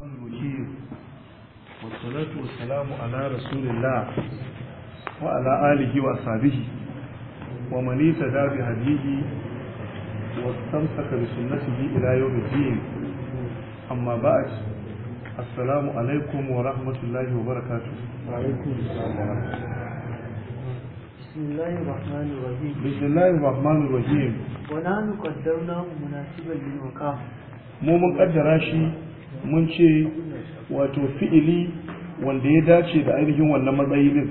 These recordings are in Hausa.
wasalatu wasalamu ala rasulillah wa ala alihi wa wa man yata bi hadihi wa tamsaka bi sunnatihi ila yawm al-din amma ba'd assalamu alaykum wa rahmatullahi wa barakatuh wa alaykum assalam bismillahir rahmanir rahim bismillahir rahmanir rahim wa nanu qaddarna munasiban lil waqa mu mun ce wato fi'ili wanda ya dace da ainihin wannan matsayi din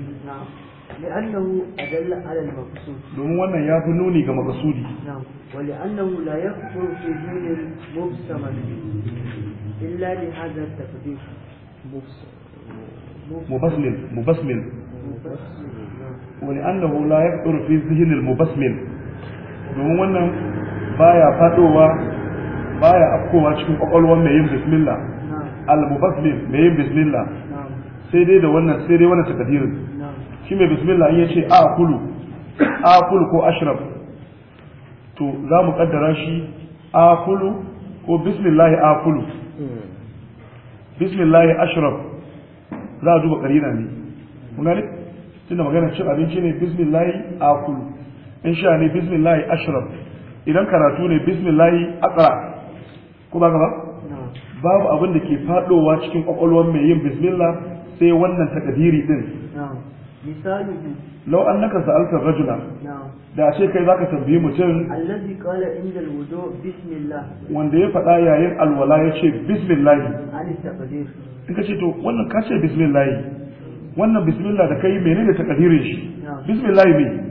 لأنه أدل على المقصود دون يا فنوني كما قصودي نعم ولأنه لا يكفر في دين مبسما إلا لهذا التقدير مبسمل مبسمل ولأنه لا يكفر في ذهن بايا فاتوا baya afkowa cikin kwakwalwar mai yin bismillah al-mubaslim mai yin bismillah sai dai da wannan sai dai wannan takadirin shi mai bismillah ya ce a kulu a kulu ko ashraf to za mu kaddara shi a kulu ko bismillah a kulu bismillah ashraf za a duba karina ne mun gane tunda magana cin abinci ne bismillah a kulu in sha ne bismillah ashraf idan karatu ne bismillah aqra ko ba ba babu abin da ke faɗowa cikin kwakwalwar mai yin bismillah sai wannan takadiri din misali an naka sa'alta rajula da a ce kai zaka tambayi mutum allazi qala inda alwudu bismillah wanda ya faɗa yayin alwala ya ce bismillah ani in ka ce to wannan ka ce bismillah wannan bismillah da kai menene takadirin shi bismillah ne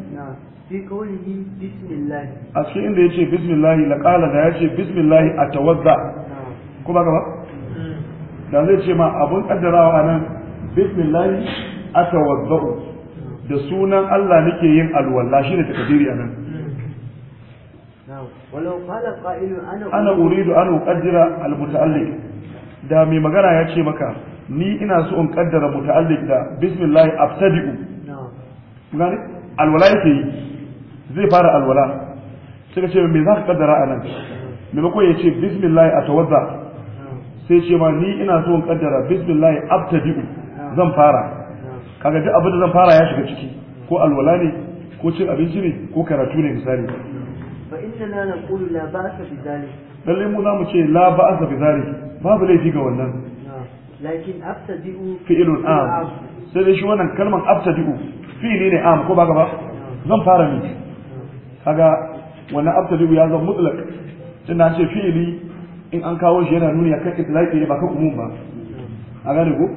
في قوله بسم الله أشكي إن يجي بسم الله لقال ذا يجي بسم الله أتوضع كما da zai ce ma abun a nan bismillahi atawadda'u da sunan Allah nake yin alwala shine takdiri anan mm. walau qala ana ana uridu an uqaddira almuta'alliq da mai magana ya ce maka ni ina so in kaddara muta'alliq da bismillah abtadi'u gani alwala yake yi zai fara alwala sai ce me za ka kaddara a nan maimakon ya ce bismillah a tawadda sai ce ma ni ina so in kaddara bismillah abtadi'u zan fara kaga duk abin da zan fara ya shiga ciki ko alwala ne ko cin abinci ne ko karatu ne misali fa inna naqulu la ba'sa bi zalik lalle mu za mu ce la ba'sa bi zalik babu laifi ga wannan lakin abtadi'u fi'lun am sai dai shi wannan kalman abtadi'u fi'li ne am ko ba ga ba zan fara ne kaga wannan abtadi'u ya zama mutlak tunda ce fi'ili in an kawo shi yana nuni akan itlaqi ne ba kan umum ba a gane ko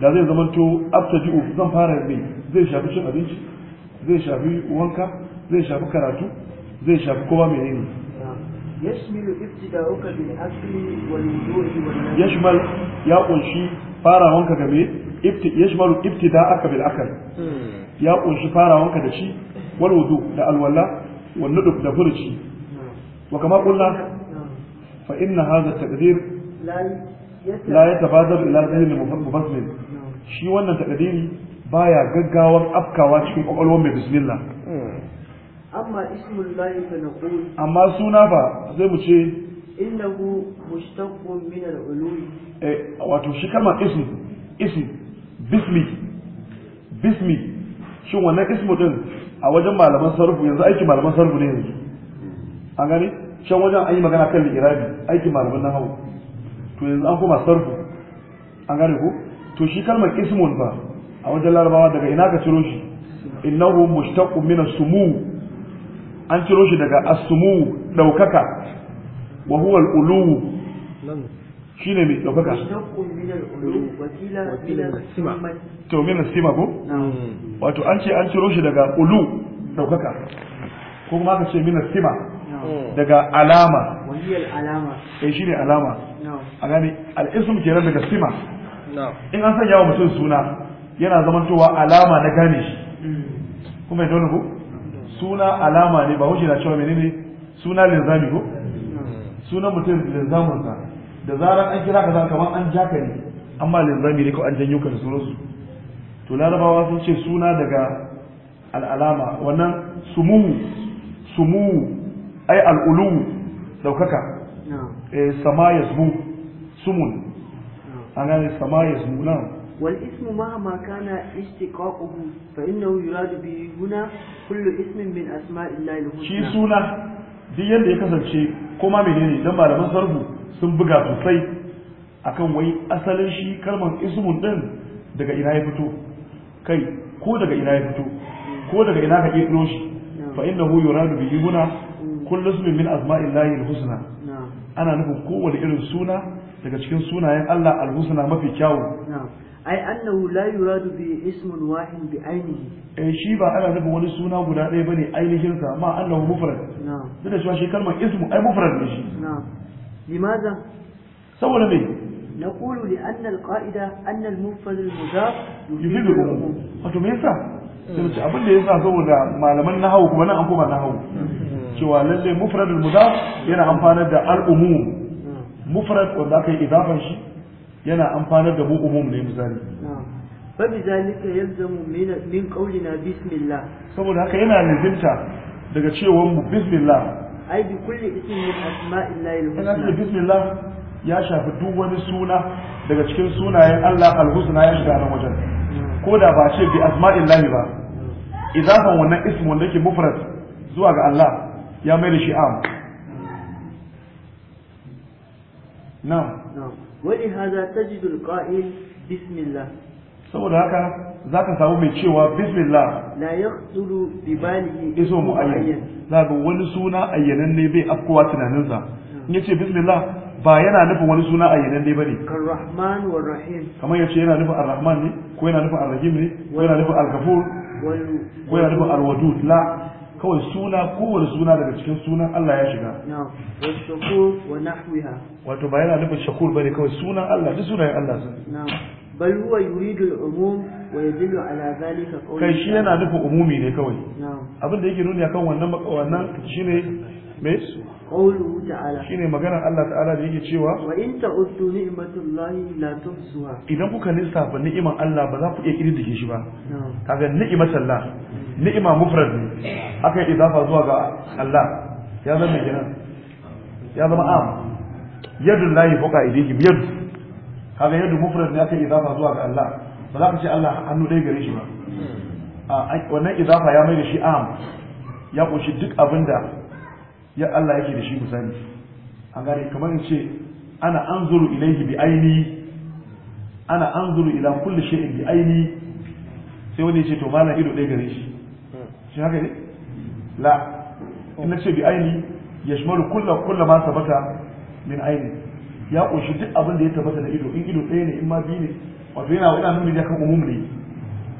da zai zama to abtadi'u zan fara ne zai shafi cin abinci zai shafi wanka zai shafi karatu zai shafi kowa menene yashmal ya kunshi fara wanka ga me قنشي فارا وانك bil akal hmm. ya kunshi fara wanka da shi wal wudu da alwala wannan da furuci wa kama kulla fa inna hadha taqdir la yatabadaru ila dhihni mufassil shi wannan taqdiri baya gaggawan afkawa cikin kwakwalwar mai bismillah amma suna ba zai mu ce wato shi kalmar ism ism bismi bismi wannan ismu ɗin. a wajen malaman sarfu yanzu aiki malaman sarfu ne yanzu an gani can wajen an yi magana kan irabi aikin malaman na hau to yanzu an koma sarfu an gane ko to shi kalmar ismun ba a wajen larabawa daga ina ka ciro shi innahu mushtaqqun min as-sumu an ciro shi daga as-sumu daukaka wa huwa al-ulu shi ne mai ɗaukaka to mina sima ko wato an ce an ciro shi daga ulu ɗaukaka ko kuma aka ce mina sima daga alama eh shi ne alama a gani al'ism kenan daga sima in an sanya wa mutum suna yana zamantowa alama na gane shi kuma ya dole ko suna alama ne ba wuce na cewa menene suna linzami ko sunan mutum linzaminsa da zarar an kira ka zan kamar an ja ka ne amma lizami ne ko an janyo ka su rusu to larabawa sun ce suna daga al'alama wannan sumuhu sumuhu ai al'ulu daukaka eh sama ya yasmu sumun an gane sama ya yasmu nan wal ismu ma ma kana istiqaquhu fa innahu yuradu bi huna kullu ismin min asma'illahi al-husna shi suna duk da ya kasance koma menene dan malaman sarbu sun buga sosai akan wai asalin shi kalmar ismun din daga ina ya fito kai ko daga ina ya fito ko daga ina ka kirkiro shi fa innahu yuradu bihi huna Kullum ismin min asma'illahi al-husna ana nufin kowane irin suna daga cikin sunayen Allah al-husna mafi kyawu ai annahu la yuradu bi ismun wahid bi ainihi eh shi ba ana nufin wani suna guda ɗaya bane ainihin sa amma annahu mufrad na'am duk da cewa shi kalmar ismu ai mufrad ne shi na'am limaza saboda me نقول لأن القائدة أن المفرد المضاف يفيد العموم wato me yasa sai abin da yasa saboda malaman nahawu kuma nan an koma nahawu cewa lalle mufrad al yana amfanar da al-umum mufrad wanda aka yi idafan yana amfanar da mu umum ne misali fa bi zalika yalzamu min min qawlina bismillah haka yana lazimta daga cewa mu bismillah ai bi kulli ismin min asma'illahi al-husna ya shafi duk wani suna daga cikin sunayen Allah al-husna ya shiga nan wajen ko da ba ce bi asma'illahi ba idafan wannan ismi wanda yake mufrad zuwa ga Allah ya mai da shi am na'am wa li hadha tajidu al bismillah saboda haka za ka samu mai cewa bismillah la yaqtulu bi balihi iso muayyan za ga wani suna ayyanan ne bai afkowa tunaninsa in yace bismillah ba yana nufin wani suna ayyanan ne bane ar-rahman war rahim kamar yace yana nufin ar-rahman ne ko yana nufin ar-rahim ne ko yana nufin al-ghafur ko yana nufin al-wadud la kawai suna kowane suna daga cikin sunan Allah ya shiga wato ba yana nufin shakur bane kawai sunan Allah duk sunayen Allah sun bal huwa yuridu al-umum kai shi yana nufin umumi ne kawai abin da yake nuni akan wannan wannan shine me qawluhu ta'ala shine maganar Allah ta'ala da yake cewa wa in ta'uddu ni'matullahi la tuhsuha idan kuka lissafa ni'iman Allah ba za ku iya ke shi ba kaga Allah ni'ima mufrad ne aka yi idafa zuwa ga Allah ya zama gina ya zama am yadullahi fuqa ilayhi yadu kaga yadu mufrad ne aka yi idafa zuwa ga Allah ba za ka ce Allah hannu ɗaya gare shi ba A wannan izafa ya mai da shi am ya kunshi duk abin da ya Allah yake da shi misali an gane kamar in ce ana anzuru ilaihi bi aini ana anzuru ila kulli shay'in bi aini sai wani ya ce to malam ido ɗaya gare shi shi haka ne la in ce bi aini ya shimaru kulla kulla ma sabata min aini ya kunshi duk abin da ya tabbata da ido in ido ɗaya ne in ma biyu ne wato yana wada nuna ne kan umum ne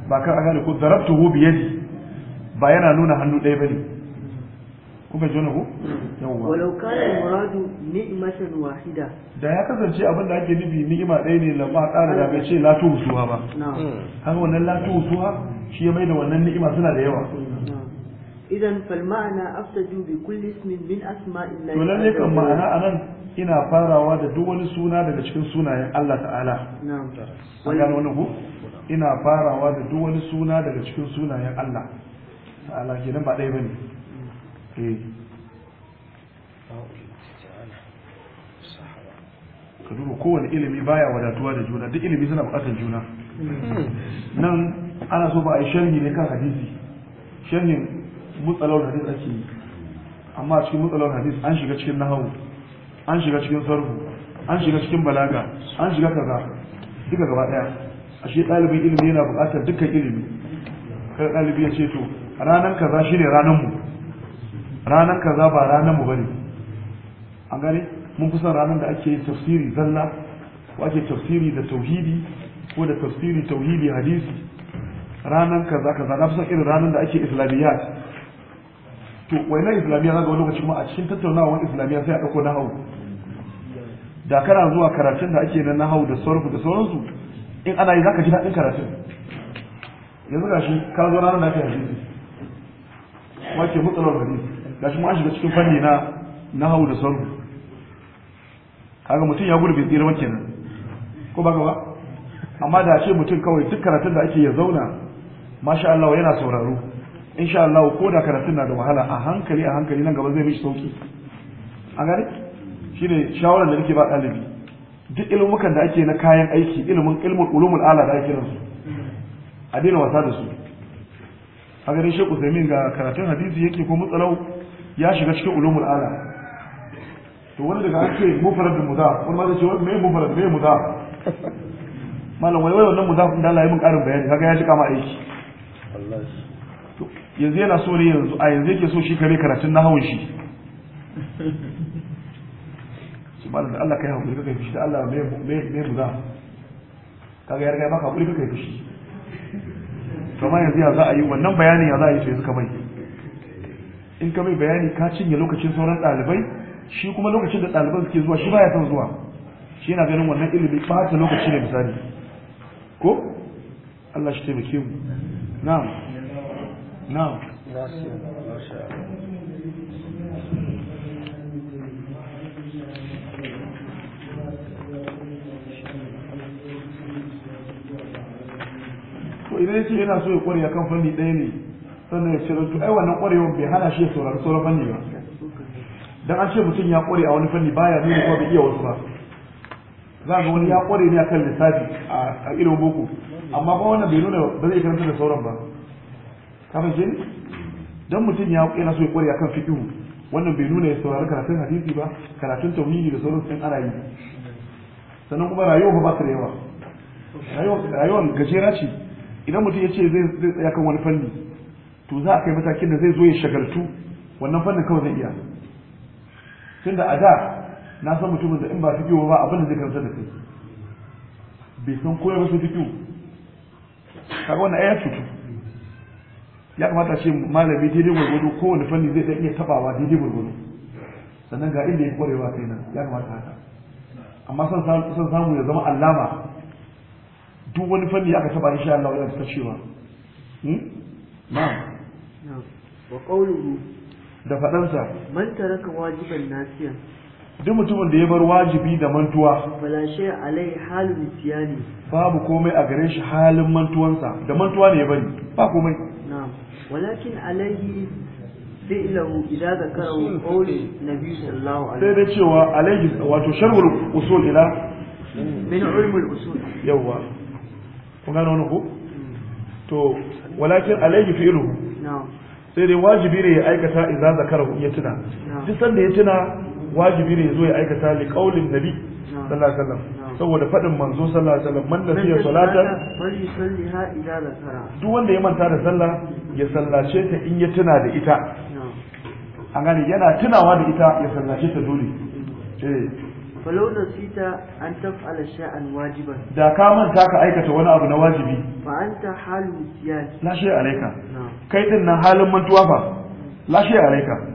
ba kan agane ko hu bi yadi ba yana nuna hannu ɗaya bane ga jona ku yawwa walau kana muradu ni'matan wahida da ya kasance abin da ake nufi ni'ima ɗaya ne lamma ƙara da bai ce la suwa ba har wannan la suwa shi ya mai da wannan ni'ima suna da yawa idan falma'ana aftaju bi kulli ismin min asma'i Allah to ne kan ma'ana anan ina farawa da duk wani suna daga cikin sunayen Allah ta'ala na'am tara wannan ku ina farawa da duk wani suna daga cikin sunayen Allah ta'ala kenan ba dai bane eh ka duba kowane ilimi baya wadatuwa da juna duk ilimi suna bukatar juna hmm. nan ana so ba a yi sharhi ne kan hadisi sharhin mutsalawar hadis ake yi amma a cikin mutsalawar hadis an shiga cikin nahawu an shiga cikin sarhu an shiga cikin balaga an shiga kaza duka gaba daya ashe ɗalibin ilimi yana buƙatar dukkan ilimi kada ɗalibi ya ce to ranan kaza shine ranar mu ranar kaza ba ranar mu bane an gane mun kusan ranan da ake tafsiri zalla ko ake tafsiri da tauhidi ko da tafsiri tauhidi hadisi ranan kaza kaza na fi son irin ranan da ake islamiyyat to wainan islamiyya za ga wani lokaci kuma a cikin tattaunawar islamiyya sai a ɗauko na hau da kana zuwa karatun da ake na hau da sauransu da sauransu in ana yi za ka ji daɗin karatun yanzu gashi shi ka zo ranar lafiya hadisi kuma ke mutsalar hadisi gashi mu an shiga cikin fanni na na hau da sauransu kaga mutum ya gudu bai tsira wanke nan ko ba gaba amma da ce mutum kawai duk karatun da ake ya zauna masha Allah yana sauraro insha Allah ko da karatun na da wahala a hankali a hankali nan gaba zai mishi sauki a gani shine shawarar da nake ba ɗalibi duk ilmukan da ake na kayan aiki ilmin ilmul ulumul ala da ake su a daina wasa da su a ganin shi usaimin ga karatun hadisi yake ko mutsalau ya shiga cikin ulumul ala to wani daga ake mufarar da muda wani ma zai ce me mufarad me mudaf malam wai wannan muda da Allah ya min karin bayani kaga ya shiga ma aiki yanzu yana so ne yanzu a yanzu yake so shi kare karatun na hawan shi su ba da Allah kai haƙuri kai fushi da Allah mai buga kaga ya riga maka haƙuri kai fushi kamar yanzu ya za a yi wannan bayanin ya za a yi to yanzu kamar in ka mai bayani ka cinye lokacin sauran ɗalibai shi kuma lokacin da ɗaliban suke zuwa shi baya son zuwa shi yana ganin wannan ilimin ɓata lokaci ne misali ko Allah shi taimake mu na'am نعم idan yake yana so ya kware akan fanni ɗaya ne sannan ya cire to ai wannan kwarewar bai hana shi ya sauran fanni ba dan an ce mutum ya kware a wani fanni baya ne kuma bai iya wasu ba za ga wani ya kware ne akan lissafi a ilimin boko amma ba wannan bai nuna ba zai karanta da sauran ba kafin shi dan mutum ya yana so ya kware akan fiqh wannan bai nuna ya saurari karatun hadisi ba karatun tauhidi da sauransu sun ara yi sannan kuma rayuwa ba ta da yawa rayuwar gajera ce idan mutum ya ce zai tsaya kan wani fanni to za a kai matakin da zai zo ya shagaltu wannan fannin kawai zai iya tunda a da na san mutumin da in ba fikiyo ba abin da zai karanta da kai bai san koyar ba su fikiyo kaga wannan ayyar cutu ya kamata ce malami daidai gwargwado kowane fanni zai iya tabawa daidai gwargwado sannan ga inda ya kwarewa kai nan ya kamata haka amma son samu ya zama allama duk wani fanni aka taba insha Allah yana ta cewa hmm? na'am wa qawluhu da fadansa man taraka wajiban nasiyan duk mutumin da ya bar wajibi da mantuwa fala shay alai halin nisyani babu komai a gare shi halin mantuwansa da mantuwa ne ya bari ba komai ولكن عليه فعله إذا ذكره قول النبي صلى الله sai da cewa alaihi wato sharhul usul ila yawa kun gano ولكن ko to walakin sai dai wajibi ne ya aikata idza zakarahu ya tuna duk sanda ya tuna wajibi ne ya zo ya aikata li nabi sallallahu alaihi wasallam saboda faɗin manzo sallallahu alaihi wasallam man nasiya salata duk wanda ya manta da sallah ya sallace ta in ya tuna da ita an gani yana tunawa da ita ya sallace ta dole eh falau sita an taf'ala sha'an wajiban da ka manta ka aikata wani abu na wajibi fa anta halu siyan la shay alayka kai din nan halin mantuwa fa la shay alayka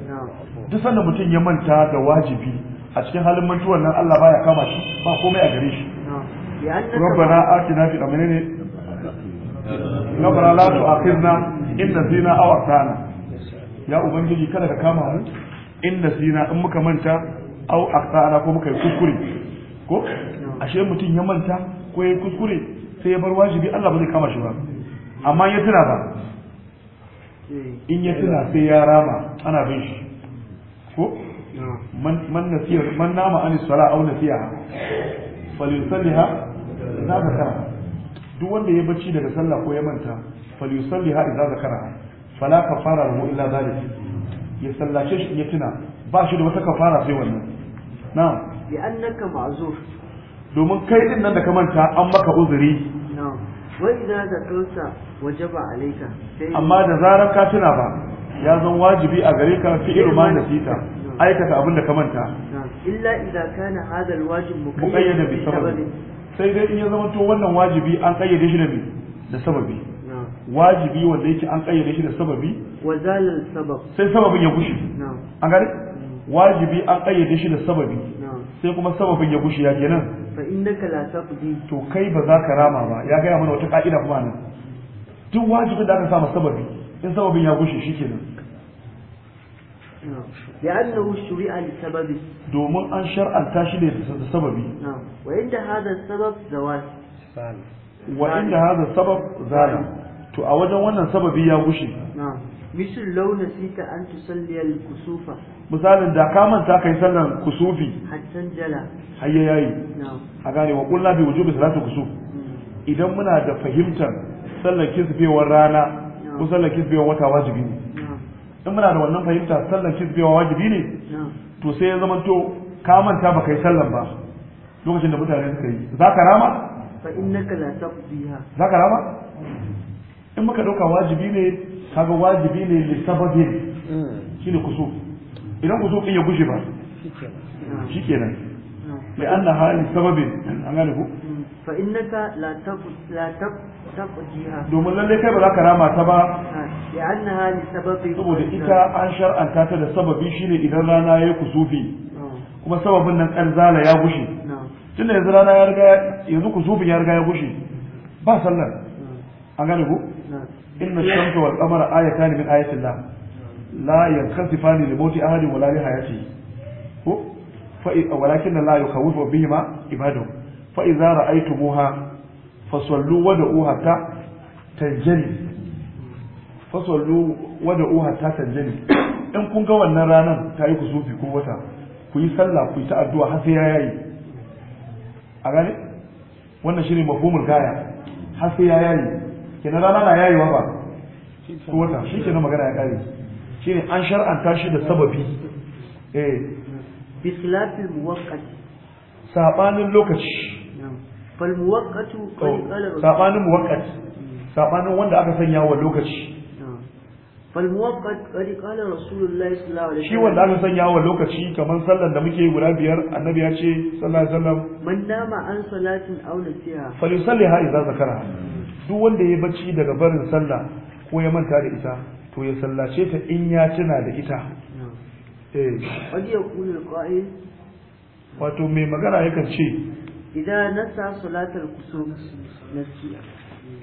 duk sanda mutum ya manta da wajibi a cikin halin mutuwan nan Allah baya kama shi ba komai a gare shi rabbana atina fi amanene rabbana la tu'akhidna in nasina aw akhtana ya ubangiji kada ka kama mu in nasina in muka manta aw akhtana ko muka yi kuskure ko ashe mutum ya manta ko ya kuskure sai ya bar wajibi Allah ba zai kama shi ba amma ya tuna ba in ya tuna sai ya rama ana bin shi ko man nasiya man nama an sala aw nasiya falyusalliha idza zakara duk wanda ya bacci daga sallah ko ya manta falyusalliha idza zakara fala kafara lahu illa dhalik ya sallace shi ya tuna ba shi da wata kafara sai wannan na'am bi annaka ma'zur domin kai din nan da ka manta an maka uzuri na'am wa idza zakarta wajaba alayka amma da zarar ka tuna ba ya zan wajibi a gare ka fi'il ma fita aikata abin da ka manta illa idan kana hadha alwajib muqayyadan bi sababi. sai dai in ya zama to wannan wajibi an kayyade shi da bi. da sababi wajibi wanda yake an kayyade shi da sababi wa zalal sabab sai sababin ya gushi an gare mm. wajibi an kayyade shi da sababi sai kuma sababin ya gushi ya kenan fa innaka la taqdi to kai ba za ka rama ba ya ga mana wata ka'ida kuma nan duk wajibin da aka sa sababi in sababin ya gushe shi kenan لأنه شرع لسبب دوما أن شرع تاشل لسبب وعند هذا السبب زوال وعند هذا السبب زال تو أوجه وانا سبب يا غشي مثل لو نسيت أن تصلي الكسوف مثلا دا كامن تاكي سلا كسوفي حتى جلا هيا ياي أغاني وقلنا بوجوب صلاة الكسوف idan muna da fahimtar sallar kisfewar rana ko sallar kisbewa wata wajibi ne in muna da wannan fahimta sallar kisbewa wajibi ne to sai ya zama to ka manta ba kai sallan ba lokacin da mutane suka yi za ka rama fa innaka la taqdiha za ka rama in muka dauka wajibi ne kaga wajibi ne li sababin mm. shine kusuf idan kusuf din ya gushe ba shikenan an anna hali sababin an gane ku fa innaka la taq la taq taqjiha domin lalle kai ba za ka rama ta ba ya annaha li sababi saboda ita an shar'anta ta da sababi shine idan rana ya kusufi kuma sababin nan zala ya gushe tunda yanzu rana ya riga yanzu kusufin ya riga ya gushe ba sallar an gane ku inna shamsa wal qamara ayatan min ayatillah la yankhasifani li mawti ahadin wala li hayati ko fa walakin la yukhawwifu bihima ibadahu fa idza ra'aytumuha fasallu wa da'uha ta tanjali fasallu wa da'uha ta tanjali in kun ga wannan ranar ta yi kusufi ko wata ku yi sallah ku yi ta addu'a har sai ya yayi a gane wannan shine mafhumul gaya har sai ya yayi kenan rana na yayi wa ba ko wata shi kenan magana ya kare shine an shar'anta shi da sababi eh bislatil muwaqqat sabanin lokaci fal muwaqqatu sabanin muwaqqat sabanin wanda aka sanya wa lokaci fal muwaqqat qadi qala rasulullahi sallallahu alaihi shi wanda aka sanya wa lokaci kamar sallan da muke guda biyar annabi ya ce sallallahu alaihi wasallam man nama an salatin aw nasiha fal yusalliha idza zakaraha duk wanda ya bacci daga barin sallah ko ya manta da ita to ya sallace ta in ya tuna da ita eh wato mai magana yakan ce idan nasa salatul kusuf nasiya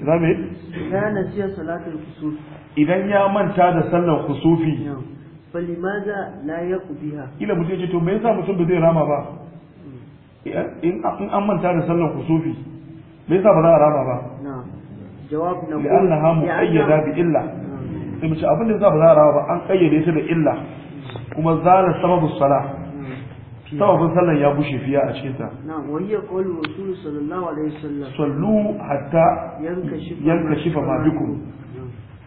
idan me idan nasiya salatul kusuf idan ya manta da sallar kusufi falimaza la yaqbiha ila mutum ya to me yasa mutum ba rama ba in an manta da sallar kusufi me yasa ba za a rama ba jawab na ku li'annaha muqayyada bi illa sai mu da yasa ba za a rama ba an da illa kuma zala sababu sala. sababin sallan ya bushe fiya a cikinta na'am wa hiya qawlu rasul sallallahu alaihi wasallam sallu hatta yankashifa ma bikum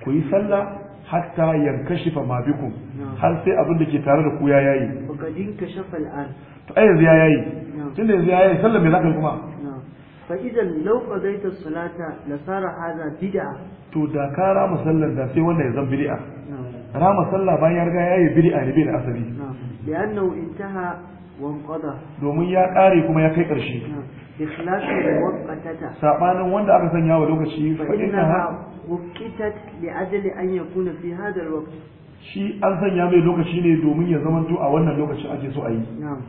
ku yi sallah hatta yankashifa ma bikum har sai abin da ke tare da ku ya yayi al'an to ai yanzu ya yayi tunda yanzu ya yayi sallan me ka yi kuma fa idan law qadaita salata la sara hadha bid'a to da ka rama sallar da sai wannan ya zan bid'a rama sallah bayan ya riga yayi bid'a ne bai da asali لأنه انتهى domin ya ƙare kuma ya kai karshe Saɓanin wanda aka sanya wa lokaci fahimtar shi an sanya mai lokaci ne domin ya zama a wannan lokacin ake so a yi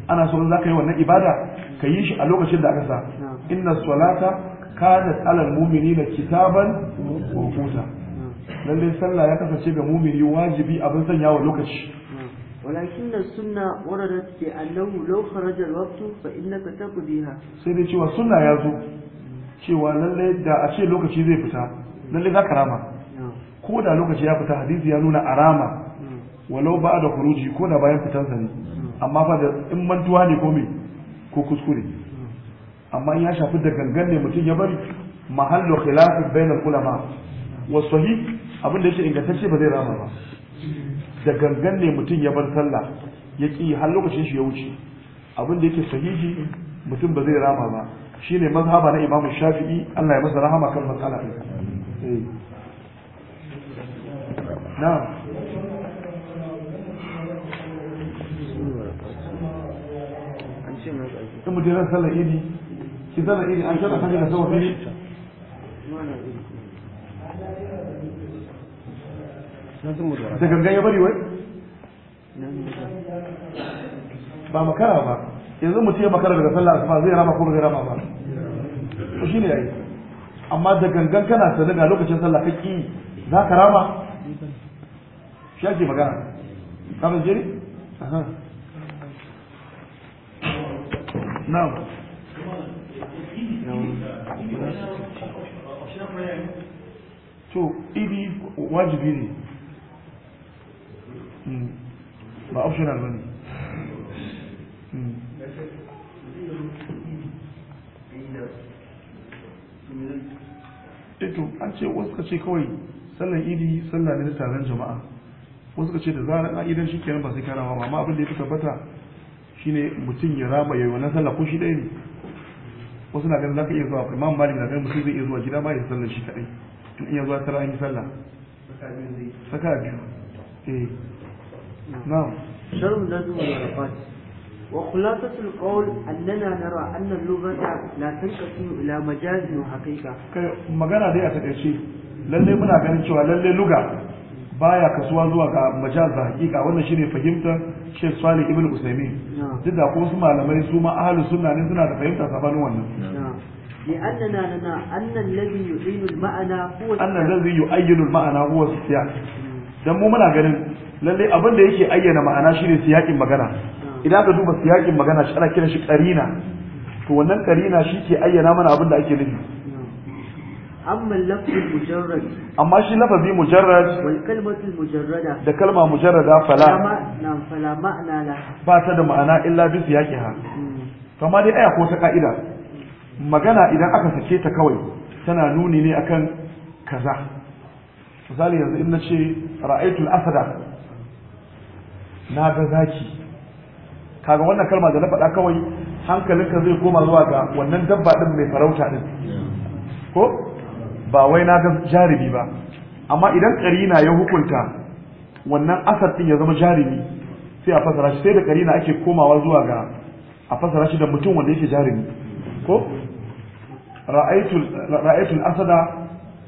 ana so za ka yi wannan ibada ka yi shi a lokacin da aka sa inna salata kanat alal mu'minina kitaban kusa Lallai sallah ya kasance ga mu'mini wajibi abin sanya wa lokaci walakin sunna warada warar da ke a lau fa in na sai dai cewa sunna ya zo cewa lallai da a ce lokaci zai fita lallai naka rama ko da lokaci ya fita hadiza ya nuna arama wa lauba da kuruji ko da bayan fitansa ne amma fa da in mantuwa ne komai ko kuskure amma in ya shafi da gangan ne mutum ya bari muhalli wakilasa bai na kulama wasu fahim abin da ya ke ba zai rama ba. da gangan ne mutum ya bar sallah ya ki har lokacin shi ya wuce abin da yake sahihi mutum ba zai rama ba shine mazhaba na imamu shafi'i Allah ya masa rahama kan matsala ɗin eh. na'am in mutum ya sallar idi ki sallar idi an kada kan da sawa idi da gangan ya bari wai ba makara ba yanzu mutum ya makara daga sallah asuba zai rama ko zai rama ba to shine yayi amma da gangan kana sanin ga lokacin sallah ka ki za ka rama shi ake magana ka ban jiri na'am to idi wajibi ne ما hmm. optional ba ito hmm. eh, an ce wasu ka ce kawai sallan idi sallah ne taron jama'a wasu ka ce da zarar an idan shi kenan ba sai karawa ba amma abin da ya fi tabbata shine mutum ya raba yayi wannan sallah ko shi ɗaya ne wasu na ganin zaka iya zuwa imam malik na ganin mutum zai iya zuwa gida ba ya sallar shi kadai in iya zuwa tara an yi sallah saka biyu eh نعم شرح لازم العرفات وخلاصة القول أننا نرى أن اللغة لا تنقسم إلى مجاز وحقيقة magana dai a takaice lalle muna ganin cewa lalle luga baya kasuwa zuwa ga majaz da wannan shine fahimtar Sheikh Salih Ibn Usaimin duk da kuma malamai su ma ahlus suna da fahimta sabanin wannan لأننا لنا أن الذي يعين المعنى هو أن الذي يعين المعنى mu muna ganin Lallai abin da yake ayyana ma'ana shine siyakin magana idan ka duba siyakin magana shi ana kiran shi ƙarina, to wannan ƙarina shi ke ayyana mana abin da ake nufi amma lafzi mujarrad amma shi lafazi mujarrad wal kalmatu mujarrada da kalma mujarrada fala na fala ma'ana la ba ta da ma'ana illa bi siyaqiha ha. amma dai aya ko ta ka'ida magana idan aka sake ta kawai tana nuni ne akan kaza misali yanzu in na ce, ra'aytul asada na ga zaki kaga wannan kalma da na faɗa kawai hankalinka zai koma zuwa ga wannan dabba din mai farauta din ko ba wai na ga jarumi ba amma idan karina ya hukunta wannan asar din ya zama jarumi sai a fasara shi sai da karina ake komawa zuwa ga a fasara shi da mutum wanda yake jarumi ko ra'aytul asada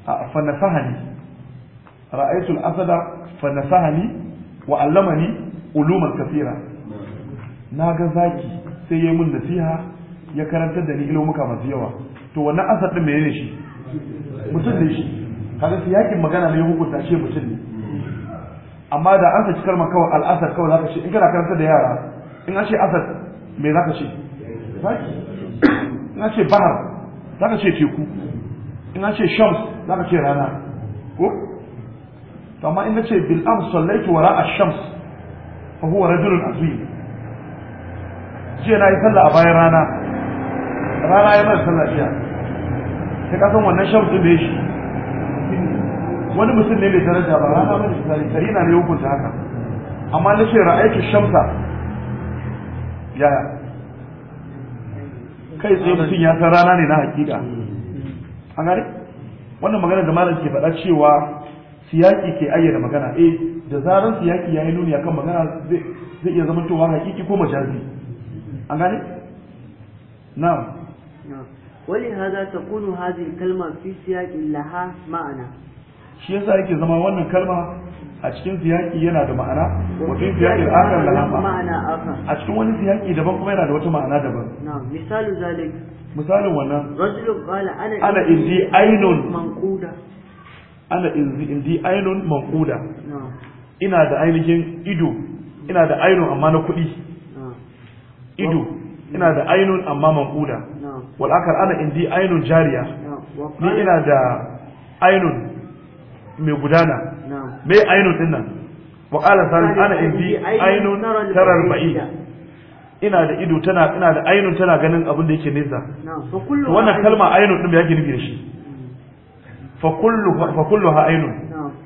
fa nafahani ra'aytul asada fa nafahani wa allamani uluman kafira na ga zaki sai ya yi min nasiha ya karantar da ni ilmuka masu yawa to wani asar din menene shi mutum ne shi kaga sai yakin magana ne ya hukunta shi mutum ne amma da an saki kalmar kawai al'asar kawai zaka ce in kana karantar da yara in an ce asar me zaka ce zaki in an ce bahar zaka ce teku in an ce shams zaka ce rana ko amma in nace bil am sallaitu wara shams fa huwa rajulun azim jiya na yi sallah a bayan rana rana ya mara sallah jiya sai ka san wannan shamsu ne shi wani mutum ne mai daraja ba rana mai tsari tsari na ne hukunta haka amma na ce ra'aitu shamsa ya kai sai mutum ya san rana ne na hakika an gane wannan magana da malam ke faɗa cewa siyaki ke ayyana magana eh da zarar siyaki yi nuni akan magana zai iya zama towa hakiki ko majazi an gane na'am ولهذا تكون هذه kalma fi siyaki laha ma'ana. shi yasa yake zama wannan kalma a cikin siyaki yana da ma'ana wajen siyaki akan da ma'ana a cikin wani siyaki daban kuma yana da wata ma'ana daban misalin wannan rajulun qala ana indi ainun manquda ana indi ainun manquda ina da ainihin ido ina da ainun amma na kuɗi ido ina da ainun amma manquda wal akar ana indi ainun jariya ni ina da ainun mai gudana mai ainun din nan wa qala ana indi ainun tarar ba'i ina da ido tana ina da ainun tana ganin abin da yake nesa wannan kalma ainun din da yake nufi da shi fa kulluha ainun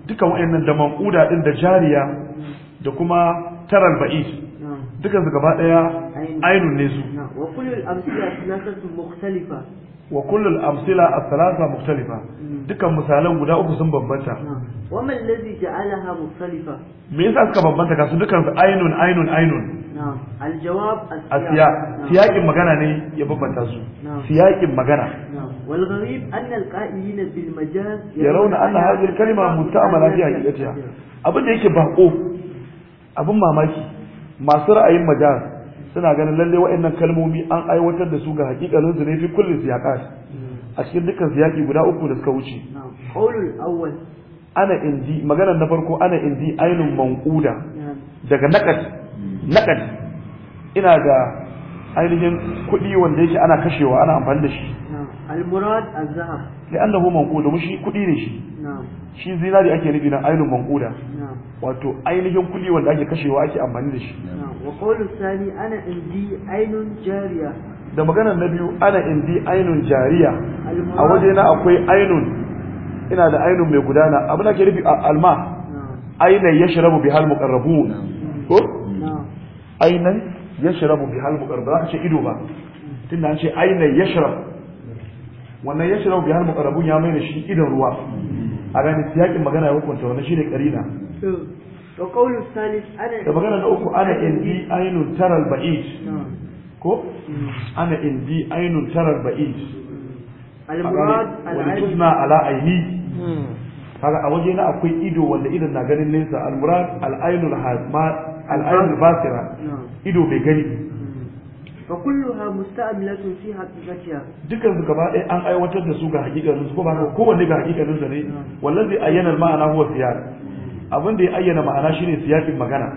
dukan wayannan da manquda din da jariya da kuma taral ba'i dukan su gaba daya ainun ne su wa kullul amsila thalathatu mukhtalifa wa kullul amsila ath-thalatha mukhtalifa hmm. dukan misalan guda uku sun bambanta wa man ladhi ja'alaha mukhtalifa me yasa suka bambanta kasu dukan su ainun ainun ainun aljawab asiya magana ne ya bambanta su siyakin magana wal gharib anna al qa'ilina bil majaz yarawna anna hadhihi abin da yake baƙo, abin mamaki masu ra'ayin majaz suna ganin lalle wa'annan kalmomi an aiwatar da su ga hakikalin su ne fi kulli hmm. a cikin dukkan siyaki guda uku da suka wuce qawlul maganar na farko ana indi ainun manƙuda daga nakat naƙad ina da ainihin kuɗi wanda yake ana kashewa ana amfani da shi al-murad az-zahab li'annahu manqud domin shi kuɗi ne shi shi zinari ake nufi nan ainihin manquda wato ainihin kuɗi wanda ake kashewa ake amfani da shi wa qawlu sani ana indi ainun jariya da maganar na biyu ana indi ainun jariya a waje na akwai ainun ina da ainun mai gudana abin da ke nufi alma aina yashrabu bihal muqarrabun ko ainan bi bihal muqarrab ba ce ido ba da an ce ainan yashrab wannan bi bihal muqarrabun ya mai da shi idan ruwa a gani siyakin magana ya hukunta wannan shi da ƙarina. da magana na uku ana indi ainun taral ba'id ko ana indi ainun taral ba'id Wani tuzna ala aini hmm. kaga a waje na akwai ido wanda idan na ganin nesa al-murad al-ainul hazmat al'ayn basira ido bai gani fa kulluha musta'milatun fi haqiqatiha dukan su gaba ɗaya an aiwatar da su ga hakikanin su ko ba ko wanne ga hakikanin sa ne wallazi ayyana al-ma'ana huwa siyar abin da ya ayyana ma'ana shine siyakin magana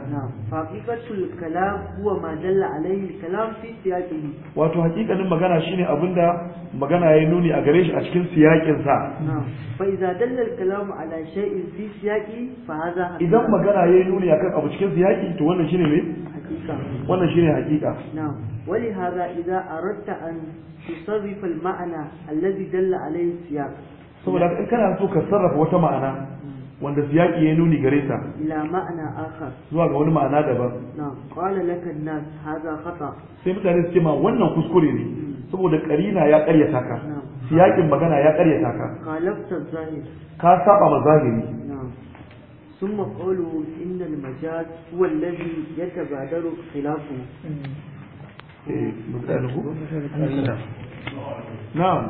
haqiqatul kalam huwa ma dalla alayhi kalam fi siyaqihi wato haqiqanin magana shine abin da magana yayi nuni a gare shi a cikin siyakin sa fa idza dalla al-kalam ala shay'in fi siyaqi fa hadha idan magana yayi nuni akan abu cikin siyaki to wannan shine me haqiqa wannan shine haqiqa na'am wali hadha idza aradta an tusarrif al-ma'na alladhi dalla alayhi siyaq saboda in kana so ka sarrafa wata ma'ana wanda yaƙi ya nuni gare ta la ma'ana akhar zuwa ga wani ma'ana daban na'am qala laka an-nas hadha khata sai mutane su ce ma wannan kuskure ne hmm. saboda karina ya karyata ka yaƙin magana ya karyata ka qalafta zahir ka saba ma zahiri ثم قوله إن المجاز هو الذي يتبادر خلافه نعم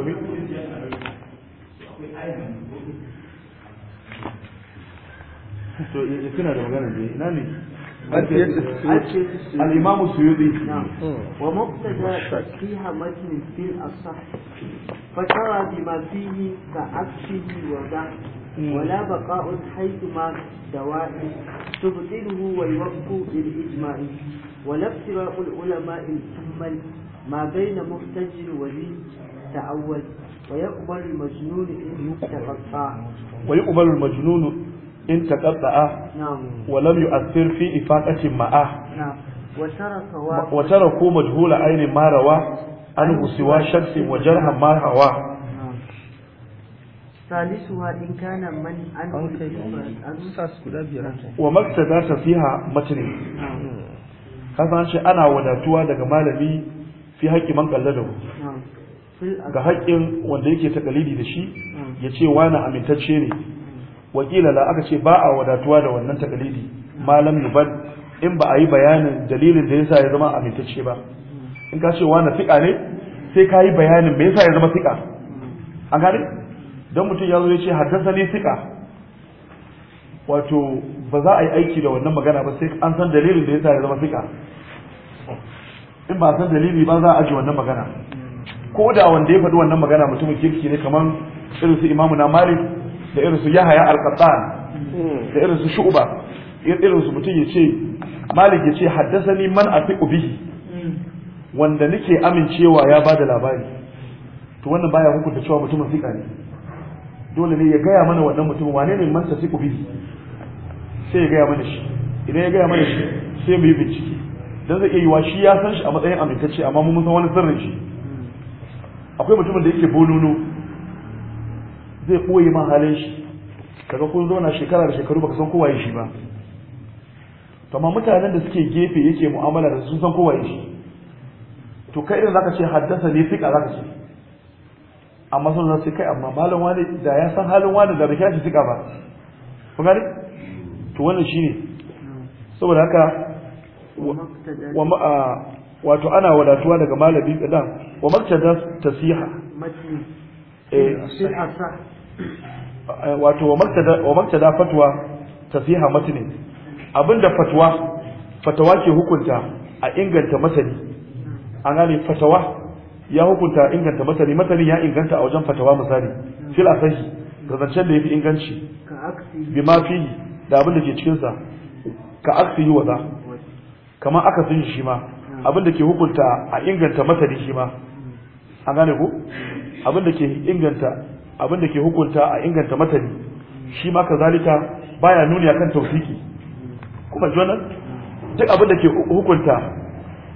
wani? suna da magana ina ne? su yi zai. Wa mafi da shi hamashin fil asa, fashara bi ma fi yi ka aci yi wa za, wala ba ka'un haiti ma da wa'i, su fi ruhu wa yi in ijma'i, wa lafi ra'ul ulama in tummal ma bai na muftajin wani التأول ويقبل المجنون إن تقطع ويقبل المجنون إن تقطع نعم ولم يؤثر في إفاقة معه نعم وتركوا مجهول عين ما روى عنه سوى شخص وجرح ما روى ثالثها إن كان من عنه ومكتدات فيها متن kasan shi ana wadatuwa daga malami fi haƙƙi man kalladahu ga haƙƙin wanda yake takalidi da shi ya ce wani amintacce ne wakila la aka ce ba a wadatuwa da wannan takalidi malam yuban in ba a yi bayanin dalilin da yasa ya zama amintacce ba in ka ce wani fiƙa ne sai ka yi bayanin me yasa ya zama fiƙa an gane don mutum ya zo ya ce haddasa ne fiƙa wato ba za a yi aiki da wannan magana ba sai an san dalilin da yasa ya zama fiƙa in ba san dalili ba za a aji wannan magana ko da wanda ya faɗi wannan magana mutumin kirki ne kaman irinsu imamu na malik da irinsu su yahaya alqattan da irinsu Shu'uba irinsu mutum ya ce malik ya ce haddasa ni man afiqu bihi wanda nake amincewa ya bada labari to wannan baya hukunta cewa mutumin fika ne dole ne ya gaya mana wannan mutumin wane ne man tasiqu bihi sai ya gaya mana shi idan ya gaya mana shi sai mu yi bincike dan zai iya yiwa shi ya san shi a matsayin amintacce amma mun san wani sirrin shi akwai mutumin da yake bonono zai koyi ma halin shi kaga kun zauna shekara da shekaru baka san kowaye shi ba to amma mutanen da suke gefe yake mu'amala da sun san kowa yin shi to kai irin zaka ce haddasa ne fika zaka ce amma sun zan sai kai amma malam wani da ya san halin wani da bai kira shi fika ba kun gani to wannan shine saboda haka wa wato ana wadatuwa daga malami ɗan wa maktada tasiha eh, eh, wato wa maktada fatwa tasiha matni abinda fatwa fatawa ke hukunta a inganta masani an gane fatawa ya hukunta inganta masani masani ya inganta a wajen fatawa misali fil asahi zancen da yafi inganci bi ma fi da abin da ke cikin sa ka aksi yi waza kamar aka sun shi ma abin da ke hukunta a inganta masani shi ma an gane ku abin da ke inganta abin da ke hukunta a inganta masani shi ma zalika baya nuni akan tausiki kuma jona duk abin da ke hukunta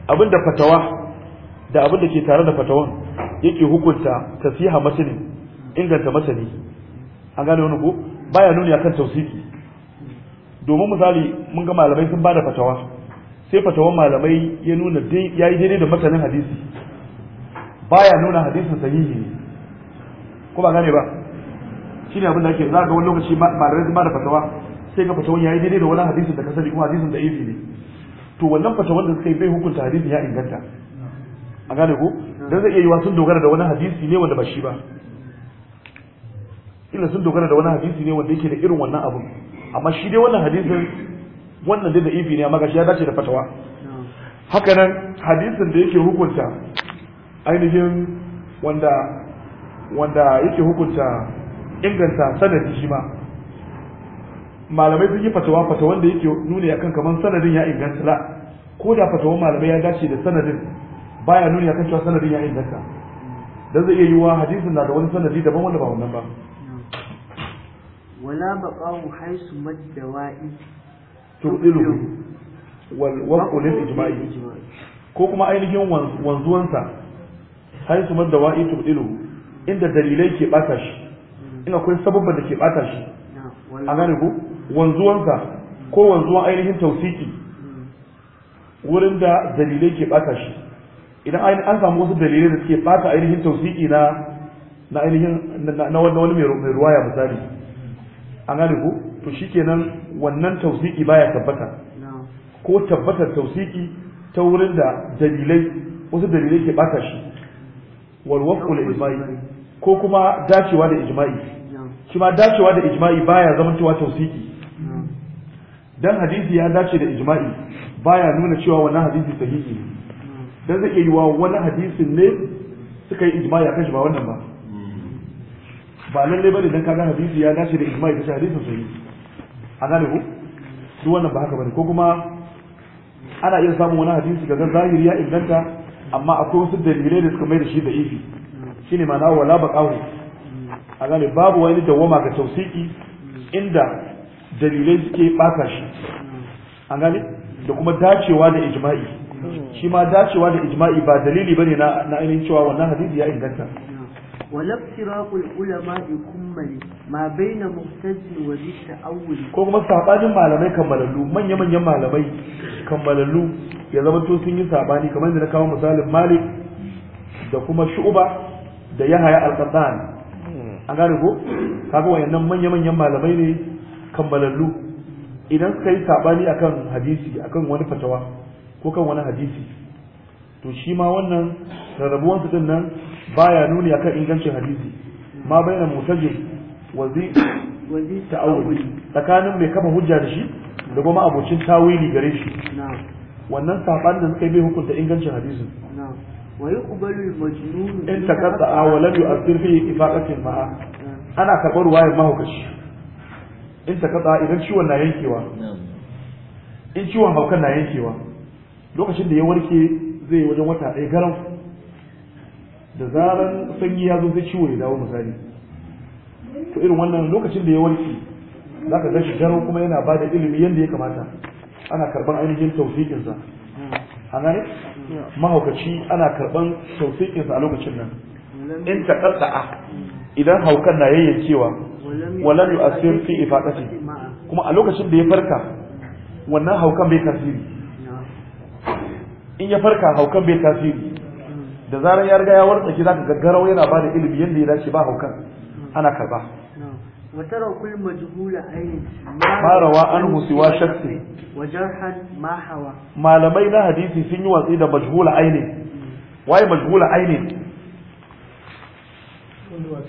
abin da fatawa da abin da ke tare da fatawan yake hukunta tasiha masani inganta masani an gane wani ku baya nuni akan tausiki domin misali mun ga malamai sun bada fatawa sai fatawan malamai ya nuna ya yi daidai da matanin hadisi baya nuna hadisin sahihi ne ko ba gane ba shi ne abin da ake za ga wani lokaci malamai zama da fatawa sai ga fatawan ya yi daidai da wani hadisin da ka sani kuma hadisin da ifi ne to wannan fatawan da suka yi bai hukunta hadisi ya inganta a gane ko dan zai iya yi sun dogara da wani hadisi ne wanda ba shi ba illa sun dogara da wani hadisi ne wanda yake da irin wannan abun amma shi dai wannan hadisin wannan dai da ifi ne amma gashi ya dace da fatawa haka nan hadisin da yake hukunta ainihin wanda wanda yake hukunta inganta sanadi shi ma malamai sun yi fatawa fatawan da yake nuni akan kamar sanadin ya inganta la ko da fatawan malamai ya dace da sanadin baya nuni akan cewa sanadin ya inganta dan zai iya wa hadisin na da wani sanadi daban wanda ba wannan ba wala baqa'u haythu maddawa'i turdiluhu wal waqu lil ijma'i ko kuma ainihin wanzuwansa hay su madda wa'i turdiluhu inda dalilai ke bata shi in akwai sababba da ke bata shi a gane ku wanzuwansa ko wanzuwan ainihin tausiki wurin da dalilai ke bata shi idan an samu wasu dalilai da suke bata ainihin tausiki na na ainihin na wani mai ruwaya misali an gane ku to kenan wannan tausiki baya tabbata ko tabbatar tausiki ta wurin da dalilai wasu dalilai ke bata shi wal ijma'i ko kuma dacewa da ijma'i shi ma dacewa da ijma'i baya zamantowa tausiki dan hadisi ya dace da ijma'i baya nuna cewa wannan hadisi sahihi dan zai yi wa wani hadisin ne suka yi ijma'i akan shi ba wannan ba hmm. ba lalle bane dan kaga hadisi ya dace da ijma'i ta hadisin sahihi a gane ku duk wannan ba haka bane ko kuma ana iya samun wani hadisi ga zahiri ya inganta amma akwai wasu dalilai da suka mai da shi da ifi shine ma'ana wala baqahu a gane babu wani dawama ga tausiki inda dalilai suke baka shi an da kuma dacewa da ijma'i shi ma dacewa da ijma'i ba dalili bane na ainihin cewa wannan hadisi ya inganta wala firaqul ulama bi kummali ma baina muhtaj ko kuma sabanin malamai kammalallu manya manyan malamai kammalallu ya zama to sun yi sabani kamar da na kawo misalin Malik da kuma Shu'ba da Yahaya al-Qattan an gane ko kaga wayannan manya manyan malamai ne kammalallu idan suka yi sabani akan hadisi akan wani fatawa ko kan wani hadisi to shi ma wannan su din nan baya nuni akan ingancin hadisi ma baina mutajil wazi wazi ta'awuli tsakanin mai kafa hujja da shi da kuma abocin tawili gare shi wannan saban da suka yi bai hukunta ingancin hadisin wa yuqbalu al-majnun in taqatta wa lam yu'athir fi ifaqatin ma'a ana karbar wayar mahaukaci in taqatta idan ciwon na yankewa in ciwon haukan na yankewa lokacin da ya warke zai yi wajen wata ɗaya garau da zaran sanyi ya zo sai ciwo ya dawo misali to irin wannan lokacin da ya warke za ka gashi garo kuma yana ba da ilimi yadda ya kamata ana karban ainihin tausikinsa a gane mahaukaci ana karban tausikinsa a lokacin nan in ta a, idan haukan na yayyancewa walam asir fi ifaqati kuma a lokacin da ya farka wannan haukan bai tasiri in ya farka haukan bai tasiri da zarar ya riga ya wartsake zaka gaggarau yana bada ilimi yadda ya dace ba haukan ana karba majhula ayin ma rawa an musiwa shakki wa jarhan ma hawa malamai na hadisi sun yi watsi da majhula ayin wai majhula ayin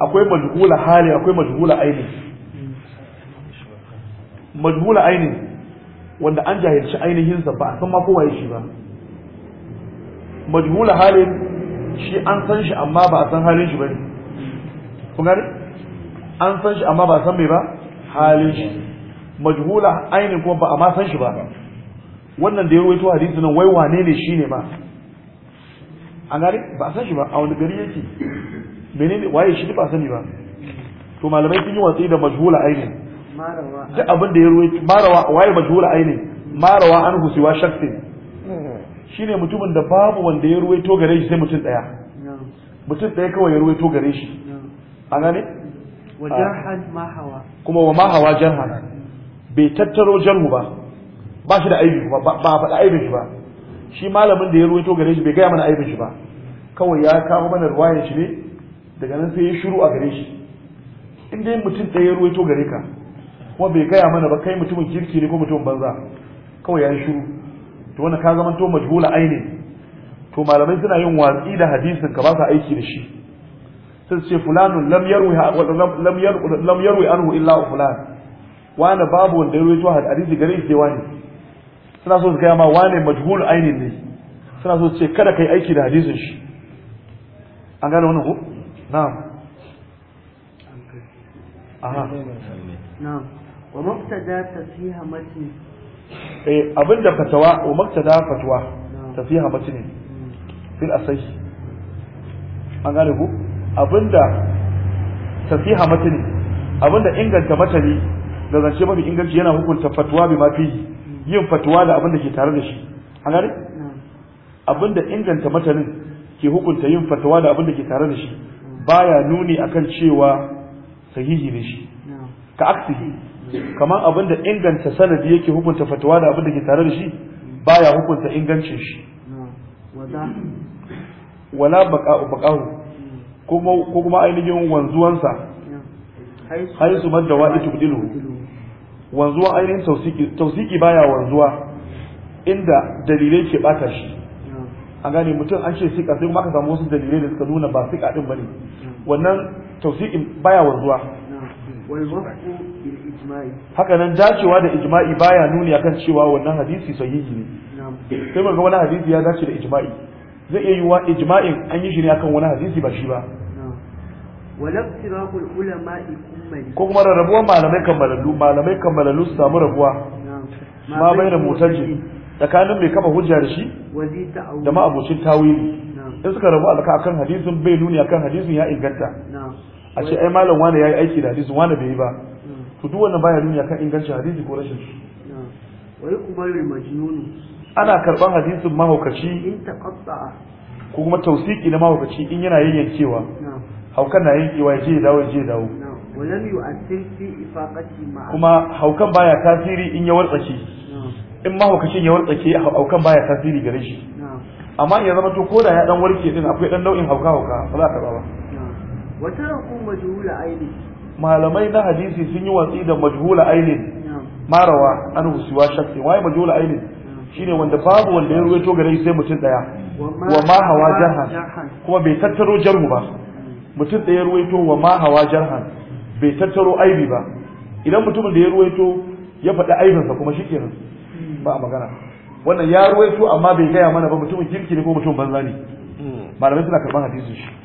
akwai majhula hali akwai majhula aini majhula aini wanda an jahilci ainihin sa ba san ma kowa shi ba majhula hali shi an san shi amma ba a san halin shi ba ne kun gane an san shi amma ba a san mai ba halin shi majhula ainihin kuma ba a ma san shi ba wannan da ya ruwaito hadisi nan wai wane ne shi ne ma an gane ba a san shi ba a wani gari yake menene waye shi ba sani ba to malamai sun yi watsi da majhula ainihin duk abin da ya ruwaito marawa waye majhula ainihin marawa an husiwa shaktin shine mutumin da babu wanda ya ruwaito gare shi sai mutum daya mutum daya kawai ya ruwaito gare shi a gane ah. kuma wa mahawa jarha bai tattaro jarhu ba ba shi da aibi ba ba da aibin shi ba shi malamin da ya ruwaito gare shi bai gaya mana aibin shi ba kawai ya kawo mana ruwayan shi ne daga nan sai ya shiru a gare shi in dai mutum ɗaya ya ruwaito gare ka kuma bai gaya mana ba kai mutumin kirki ne ko mutumin banza kawai ya yi shiru to wannan ka zama to majhula ainin to malamai suna yin watsi da hadisin ka ba sa aiki da shi sai ce fulanun lam yarwi lam yarwi lam yarwi anhu illa fulan wani babu wanda ya to hadisi gare shi wani suna so su gaya ma wani majhul ainin ne suna so su ce kada kai aiki da hadisin shi an gane wannan ko na'am aha na'am wa muqtada tasiha matni Eh, abinda fatawa wa maktada fatawa tafiha ne fil asai an gane ku abinda tafiha ne abinda inganta matani da zance mafi inganci yana hukunta fatwa bi mafi yin fatawa da abinda ke tare da shi an gane abinda inganta matanin ke hukunta yin fatawa da abinda ke tare da shi baya nuni akan cewa sahihi ne shi ka aksihi kamar abin da inganta sanadi yake hukunta fatawa da abin da ke tare da shi baya hukunta ingancin shi wala baqa'u ko kuma ainihin wanzuwansa haisu madda wa itubdilu wanzuwa ainihin tausiki tausiki baya wanzuwa inda dalilai ke bata shi an gane mutum an ce sika sai kuma aka samu wasu dalilai da suka nuna ba sika din bane hmm. wannan tausikin baya wanzuwa haka nan dacewa da ijma'i baya nuni akan cewa wannan hadisi sahihi ne sai ga wani hadisi ya dace da ijma'i zai iya yiwuwa ijma'in an yi shi ne akan wani hadisi ba shi ba ko kuma rarrabuwar malamai kammalallu malamai kammalallu su samu rabuwa ma bai da mutaji tsakanin mai kafa hujja da shi da ma abocin tawili in suka rabu alka akan hadisin bai nuni akan hadisin ya inganta a ce ai malam wani ya yi aiki da hadisi wani bai yi ba to duk wannan baya nuni akan ingancin hadisi ko rashin shi wai kuma majnun ana karban hadisin mahaukaci in taqatta ko kuma tausiki na mahaukaci in yana yayyankewa haukan na yin kiwa je dawo je dawo walam yu'athir fi ifaqati ma kuma haukan baya tasiri in ya wartsake in mahaukacin ya wartsake haukan baya tasiri gare shi amma ya zama to koda ya dan warke din akwai dan nau'in hauka hauka ba za ka ba malamai na hadisi sun yi watsi da majhul ainin marawa an husiwa shakki wai majhul ainin shine wanda babu wanda ya ruwaito gare shi sai mutum daya wa ma hawa jahan kuma bai tattaro jarhu ba mutum daya ruwaito wa ma hawa jahan bai tattaro aibi ba idan mutumin da ya ruwaito ya faɗi aibinsa kuma shikenan hmm. ba a magana wannan ya ruwaito amma bai gaya mana ba mutumin kirki ne ko mutum banza ne hmm. malamai suna karban hadisin shi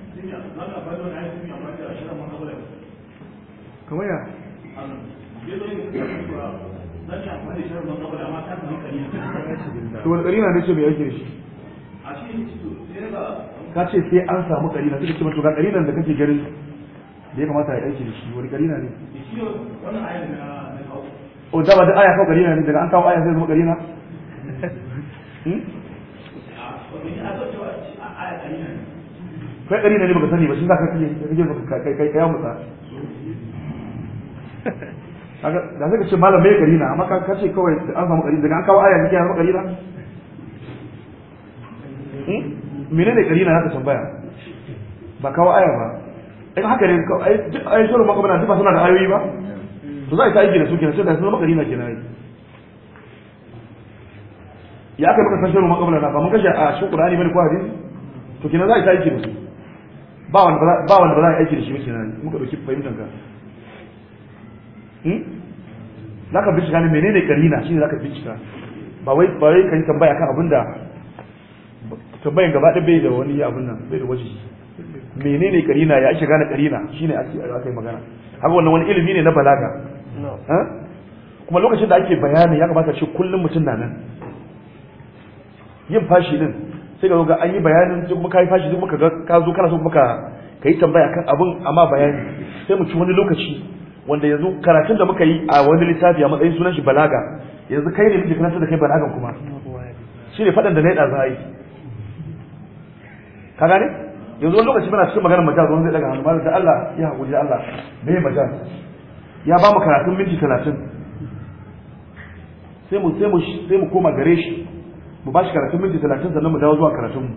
kamar ya to wani ƙarina ne ce mai yake shi ka ce sai an samu ƙarina suka ce matuƙa nan da kake gari, da ya kamata ya aiki da shi wani ƙarina ne o ba da aya kawo ƙarina ne daga an kawo aya sai zama ƙarina hmm? hmm? kai ɗari ne baka sani ba shi za ka fiye kake baka kai kai kai musa da sai ka ce malam mai karina amma ka kace kawai an samu karina daga an kawo aya kike an samu karina hmm? menene karina zaka tambaya ba kawo aya ba in haka ne ai ai shoro maka bana duba suna da ayoyi ba to za ka aiki da su kenan sai da sun maka karina kenan ya aka maka san shoro maka bana ba mun kashe a shi qur'ani bane ko hadisi to kenan za ka aiki da su ba wanda ba za a aiki da shi nan muka dauki fahimtar ka hmm? ka bincika ne menene karina za ka bincika ba wai ba wai kan tambaya kan abinda tambayin gaba da bai da wani abin nan bai da waje menene karina ya ake gane karina shine ake aka yi magana haka wannan wani ilimi ne na balaga kuma lokacin da ake bayani ya kamata ce kullum mutum na nan yin fashi din sai ga ga an yi bayanin duk muka yi fashi duk muka ka zo kana so muka ka yi tambaya kan abin amma bayani sai mu ci wani lokaci wanda yanzu karatun da muka yi a wani littafi a matsayin sunan shi balaga yanzu kai ne muke karantar da kai balagan kuma shi ne faɗan da na yi zai ka gane yanzu wani lokaci muna cikin maganar majaz wanda zai daga hannu malam da Allah ya haƙuri Allah me majaz ya ba mu karatun minti talatin sai mu sai mu koma gare shi mu bashi karatun minti talatin sannan mu dawo zuwa karatun mu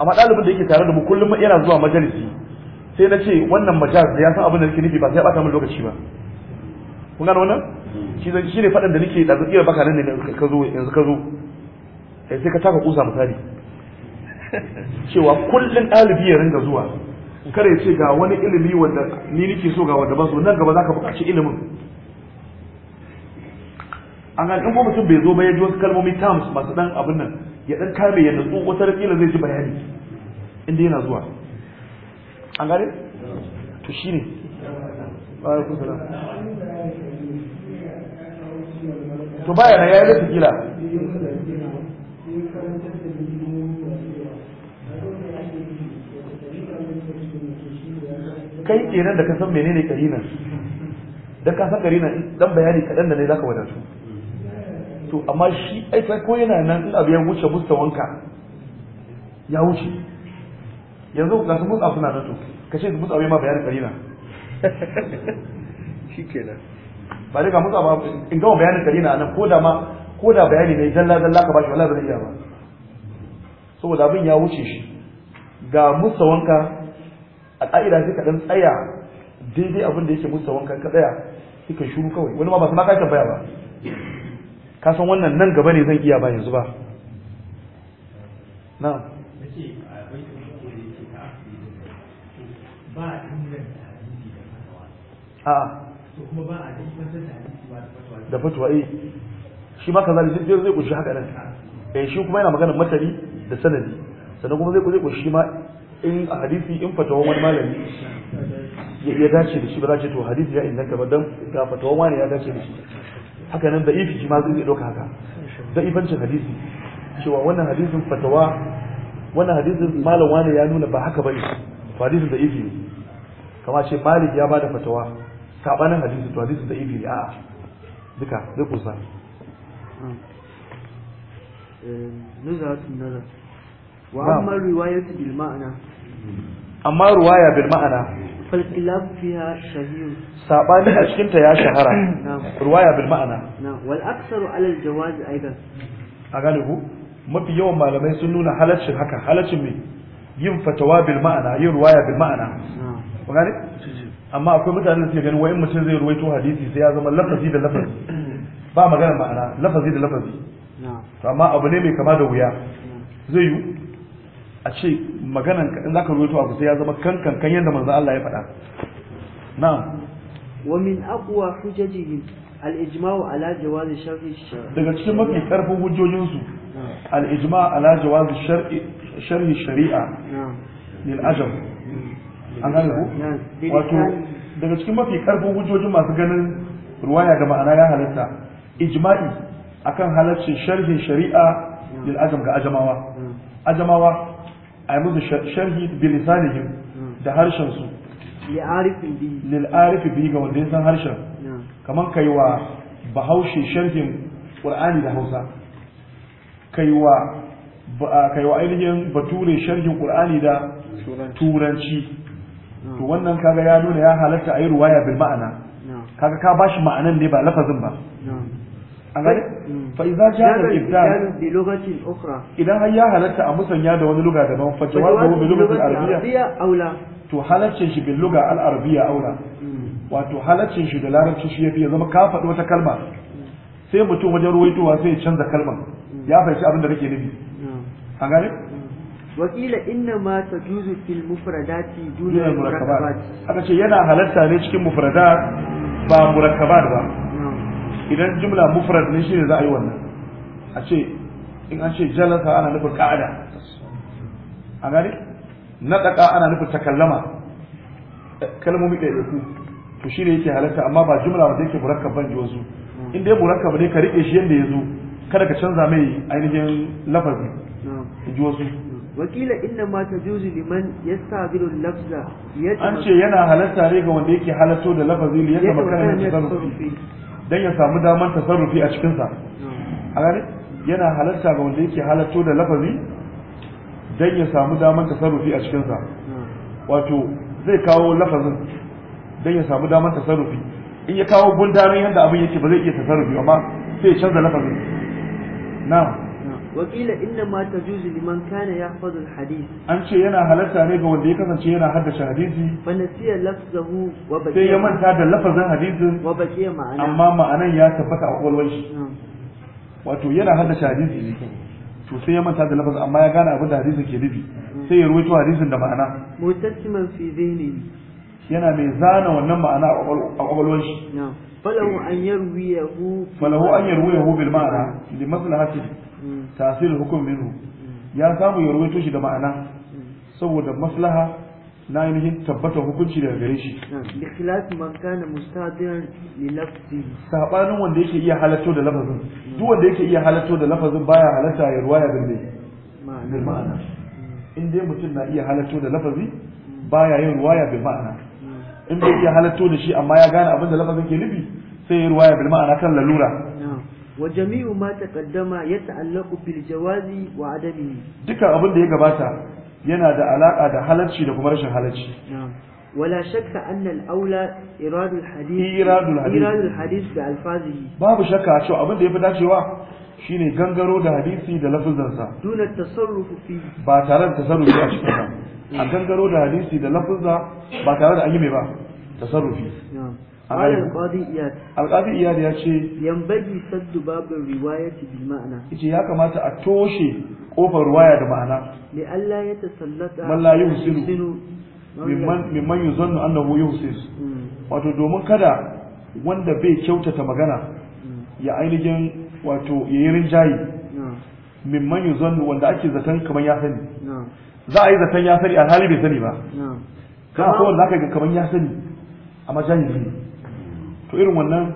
amma ɗalibin da yake tare da mu kullum yana zuwa majalisi sai na ce wannan da ya san abin da nake nufi ba sai ya ɓata min lokaci ba kun gano wannan shi zan shi ne fadan da nake da zakiyar baka nan ne ka zo yanzu ka zo sai eh, sai ka taka kusa misali cewa kullum ɗalibi ya ringa zuwa kare ce ga wani ilimi wanda ni nake so ga wanda ba so nan gaba zaka buƙaci ilimin an ga in ko mutum bai zo ba ya ji wasu kalmomi terms masu dan abin nan ya dan kame ya nutsu wata kila zai ji bayani inda yana zuwa an gane to shine to baya na yayi da kila kai kenan da ka san menene karina dan ka san karina dan bayani kadan da ne zaka wadatu to amma shi aika ko yana nan in abu ya wuce mustawanka ya wuce yanzu ga su mutsa suna nan to ka ce su mutsa bai ma bayanin karina shi nan ba dai ga mutsa ba in gama bayanin karina nan ko da ma ko da bayani ne dalla dalla ka bashi wallahi ba zai iya ba saboda abin ya wuce shi ga mustawanka a ka'ida sai ka dan tsaya daidai abin da yake mustawanka ka tsaya sai ka shuru kawai wani ma ba su ma ka tambaya ba ka san wannan nan gaba ne zan iya ba yanzu ba na'am a'a da fatuwa eh shi ma kaza zai zai kushi haka nan eh shi kuma yana magana matari da sanadi sannan kuma zai kushi kushi ma in a hadisi in fatawa wani malami ya dace da shi ba za ce to hadisi ya inda ba don ga fatawa wani ya dace da shi haka nan ifi shi ma zai ɗauka haka ifancin hadisi cewa wannan hadisin fatawa wannan hadisin malam wani ya nuna ba haka bane to hadisin da'ifi ne kama ce malik ya bada fatawa sabanin hadisi to hadisin ifi ne a'a duka zai kusa eh, nuzatun nazar wa amma riwayatu bil ma'ana amma riwaya bil ma'ana فالكلاب فيها شهير ساباني أشكنت يا شهرة رواية بالمعنى والأكثر على الجواز أيضا أغانيه mafi yawan malamai sun nuna halaccin haka halaccin mai yin fatawa bil ma'ana yin ruwaya bil ma'ana ku amma akwai mutane da suke ganin wai mutum zai ruwaito hadisi sai ya zama lafazi da lafazi ba magana ma'ana lafazi da lafazi to amma abu ne mai kama da wuya zai yi a ce maganan in ka rubuta abu sai ya zama kankan kan yanda manzo Allah ya faɗa na'am wa min aqwa hujajihim al-ijma'u ala jawaz shar'i daga cikin mafi karfin hujjojinsu su al-ijma' ala jawaz shar'i shari'a lil ajab an gane ku wato daga cikin mafi karfin hujjojin masu ganin ruwaya da ma'ana ya halatta ijma'i akan halaccin sharhin shari'a lil ajam ga ajamawa ajamawa a yi musu sharhi bilisanihim da harshen su lil'arif biyu ga wanda ya san harshen kamar kai wa bahaushe sharhin qur'ani da hausa kai wa ainihin bature sharhin qur'ani da turanci to wannan kaga ya nuna ya halatta a yi ruwaya bil ma'ana kaga ka bashi ma'anan ne ba lafazin ba أغاني فإذا جاء الإبدال بلغة أخرى إذا هيا هلت أمسن يا دون لغة دون فجوابه بلغة العربية أو لا to halaccin shi bil luga al arabiya mm. wato halaccin da larabci shi ya zama ka faɗi wata kalma mm. sai mutum wajen ruwaitowa sai ya canza kalman mm. ya fahimci abin da nake nufi wakila inna ma tajuzu fil yana halarta ne cikin mufradat ba murakkabat ba idan jumla mufrad ne shine za a yi wannan a ce in an ce jalasa ana nufin ka'ada a gani naɗaƙa ana nufin takallama kalmomi ɗaiɗaiku to shi ne yake halatta amma ba jumla ba yake murakkab ban ji wasu in dai murakkab ne ka riƙe shi yadda ya zo kada ka canza mai ainihin lafazi ji wasu wakila inna ma tajuzu liman yastabilu lafza an ce yana halatta ne ga wanda yake halatto da lafazi ne yadda makarar da dan ya samu daman tasarrufi a cikin sa a gane yana halarta ga wanda yake halarto da lafazi dan ya samu daman tasarrufi a cikin sa wato zai kawo lafazin dan ya samu daman tasarrufi in ya kawo gundarin yadda abin yake ba zai iya tasarrufi amma sai ya canza lafazin na'am وقيل inda تجوز لمن كان يحفظ الحديث أنت ينا هلتا نيغا وندي كسانشي ينا حدش حديثي فنسي لفظه وبقي سي يمن تاد لفظ حديث ma'ana. amma أما ya يا a أقول shi. Hmm. wato yana haddasa hadisi ne to sai ya manta da lafazin amma ya gane abin da hadisin ke nufi hmm. sai ya ruwaito hadisin da ma'ana mutassiman fi zihni yana mai zana wannan ma'ana a kwakwalwar shi hmm. falahu an yarwiyahu falahu an yarwiyahu bil ma'ana li maslahatihi tasirin hukum minhu ya samu ya ruwaito shi da ma'ana saboda maslaha na ainihin tabbatar hukunci daga gare shi da man kana mustadiran li nafsi sabanin wanda yake iya halatto da lafazin duk wanda yake iya halatto da lafazin baya halatta ya ruwaya da ma'ana ma'ana mm. in dai mutum na iya halatto da lafazi baya yin ruwaya bil ma'ana in bai iya halatto da shi amma ya gane abin da lafazin ke nufi sai ya ruwaya bil ma'ana kan lalura وجميع ما تقدم يتعلق بالجواز وعدمه duka abin da ya gabata yana da alaƙa da halacci da kuma rashin halacci ولا شك أن الأولى إراد الحديث إراد الحديث إراد الحديث بألفاظه باب شك شو أبدا يبدا شو shine gangaro da hadisi da lafazansa duna fi ba tare da tasarrufi a cikin ba a hmm. gangaro da hadisi da lafazza ba tare da an yi mai ba tasarrufi alƙadi iyali ya ce yambagi saddu babin riwaya ta bi ma'ana ce ya kamata a toshe kofar ruwaya da ma'ana li Allah ya tasallata man la yuhsinu mimman mimman yuzannu annahu yuhsin hmm. wato domin kada wanda bai kyautata magana hmm. ya ainihin wato ya yayin rinjayi mimman yuzannu wanda ake zaton kamar ya sani za a yi zaton ya sani alhali bai sani ba kana ko wanda aka ga kamar ya sani amma jahili ne to irin wannan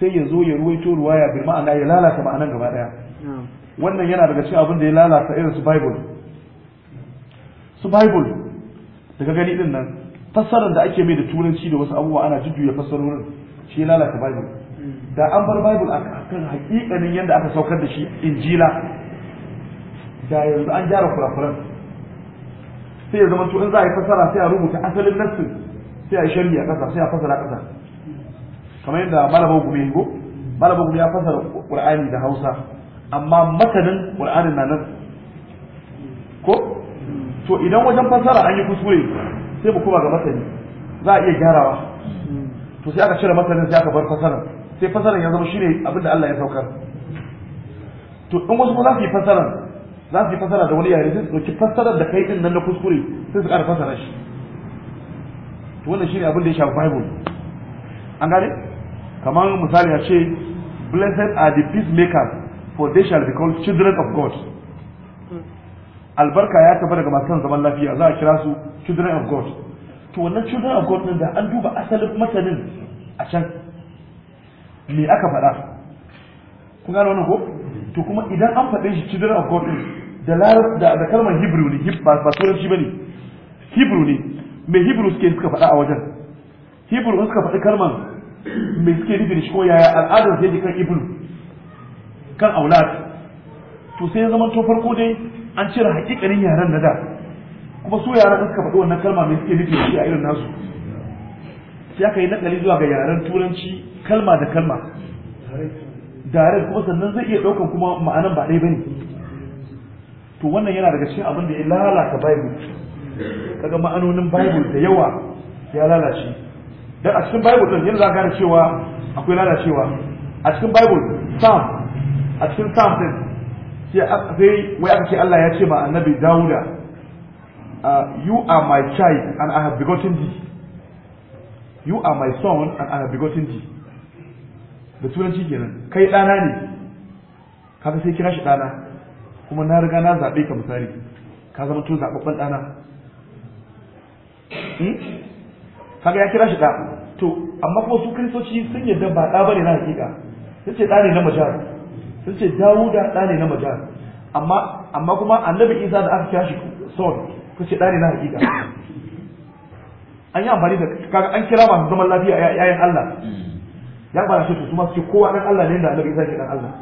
sai ya zo ya ruwaito ruwaya bi ma'ana ya lalata ma'anan gaba daya wannan yana daga cikin abin da ya lalata irin su bible su bible daga gani din nan fassarar da ake mai da turanci da wasu abubuwa ana jujjuya fassarorin shi ya lalata bible hmm. da an bar bible a kan hakikanin yadda aka saukar da shi injila da yanzu an gyara kurakuran sai ya zama to in za a yi fassara sai a rubuta asalin nassin sai a yi sharhi a ƙasa sai a fassara ƙasa kamar yadda malamin yi go malamin kuma ya fasara qur'ani da hausa amma matanin qur'anin na nan ko to idan wajen fasara an yi kuskure sai mu kuma ga masani za a iya gyarawa to sai aka cire masanin sai aka bar fasaran sai fasaran ya zama shine abin da Allah ya saukar to in wasu za su yi fasaran za su yi fasara da wani yare sai su dauki fasarar da kai din nan na kuskure sai su ƙara fasara shi to wannan shine abin da ya shafi bible an gane kamar misali ya ce blessed are the peacemakers for they shall be called children of God albarka ya tafi daga masu zaman lafiya za a kira su children of God to wannan children of God din da an duba asalin masanin a can me aka faɗa kun gano wannan ko to kuma idan an faɗe shi children of God din da da kalmar Hebrew ne ba turanci bane Hebrew ne me Hebrew suke suka faɗa a wajen Hebrew suka faɗi kalmar me suke nufi da shi ko yaya al'adar sai kan ibnu kan aulad to sai ya zama to farko dai an cire hakikanin yaran na da kuma su yaran suka faɗi wannan kalma me suke nufi da shi a irin nasu sai aka yi nakali zuwa ga yaren turanci kalma da kalma dare kuma sannan zai iya ɗaukan kuma ma'anan ba ɗaya bane to wannan yana daga cikin abin da ya lalata bible kaga ma'anonin bible da yawa ya lalace dan a cikin bible din yanzu za gane cewa akwai lalacewa a cikin bible sam a cikin sam din sai wai aka ce Allah ya ce ma annabi Dawuda ah, you are my child and I have begotten thee you are my son and I have begotten thee da turanci kenan kai ɗana ne kaga sai kira shi ɗana kuma na riga na zaɓe ka misali ka zama to zababban ɗana hmm? kaga ya kira shi da to amma kuma su kristoci sun yadda ba da bane na hakika sun ce da ne na majar sun ce dawuda da ne na majar amma amma kuma annabi isa da aka kira shi son sun ce da ne na hakika an yi amfani da kaga an kira masu zaman lafiya yayin Allah ya bara shi su kuma su ce kowa dan Allah ne da annabi isa ke dan Allah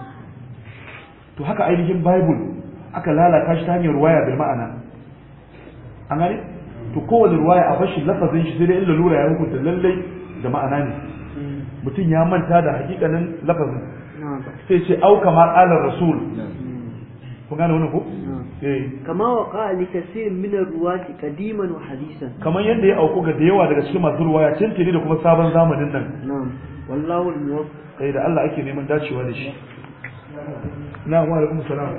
to haka ainihin bible aka lalata shi ta hanyar waya bil ma'ana an gane to kowane ruwaya a bashi lafazin shi sai dai in lura ya hukunta lallai da ma'ana ne mutum ya manta da hakikanin lafazin sai ce auka ma qala rasul kun gane wannan ko eh kama wa qali kaseer min ar-ruwati qadiman wa hadisan kaman yanda ya auku ga da yawa daga cikin masu ruwaya tintini da kuma sabon zamanin nan wallahu al-muwaffiq kai da Allah ake neman dacewa da shi na'am wa alaikum salam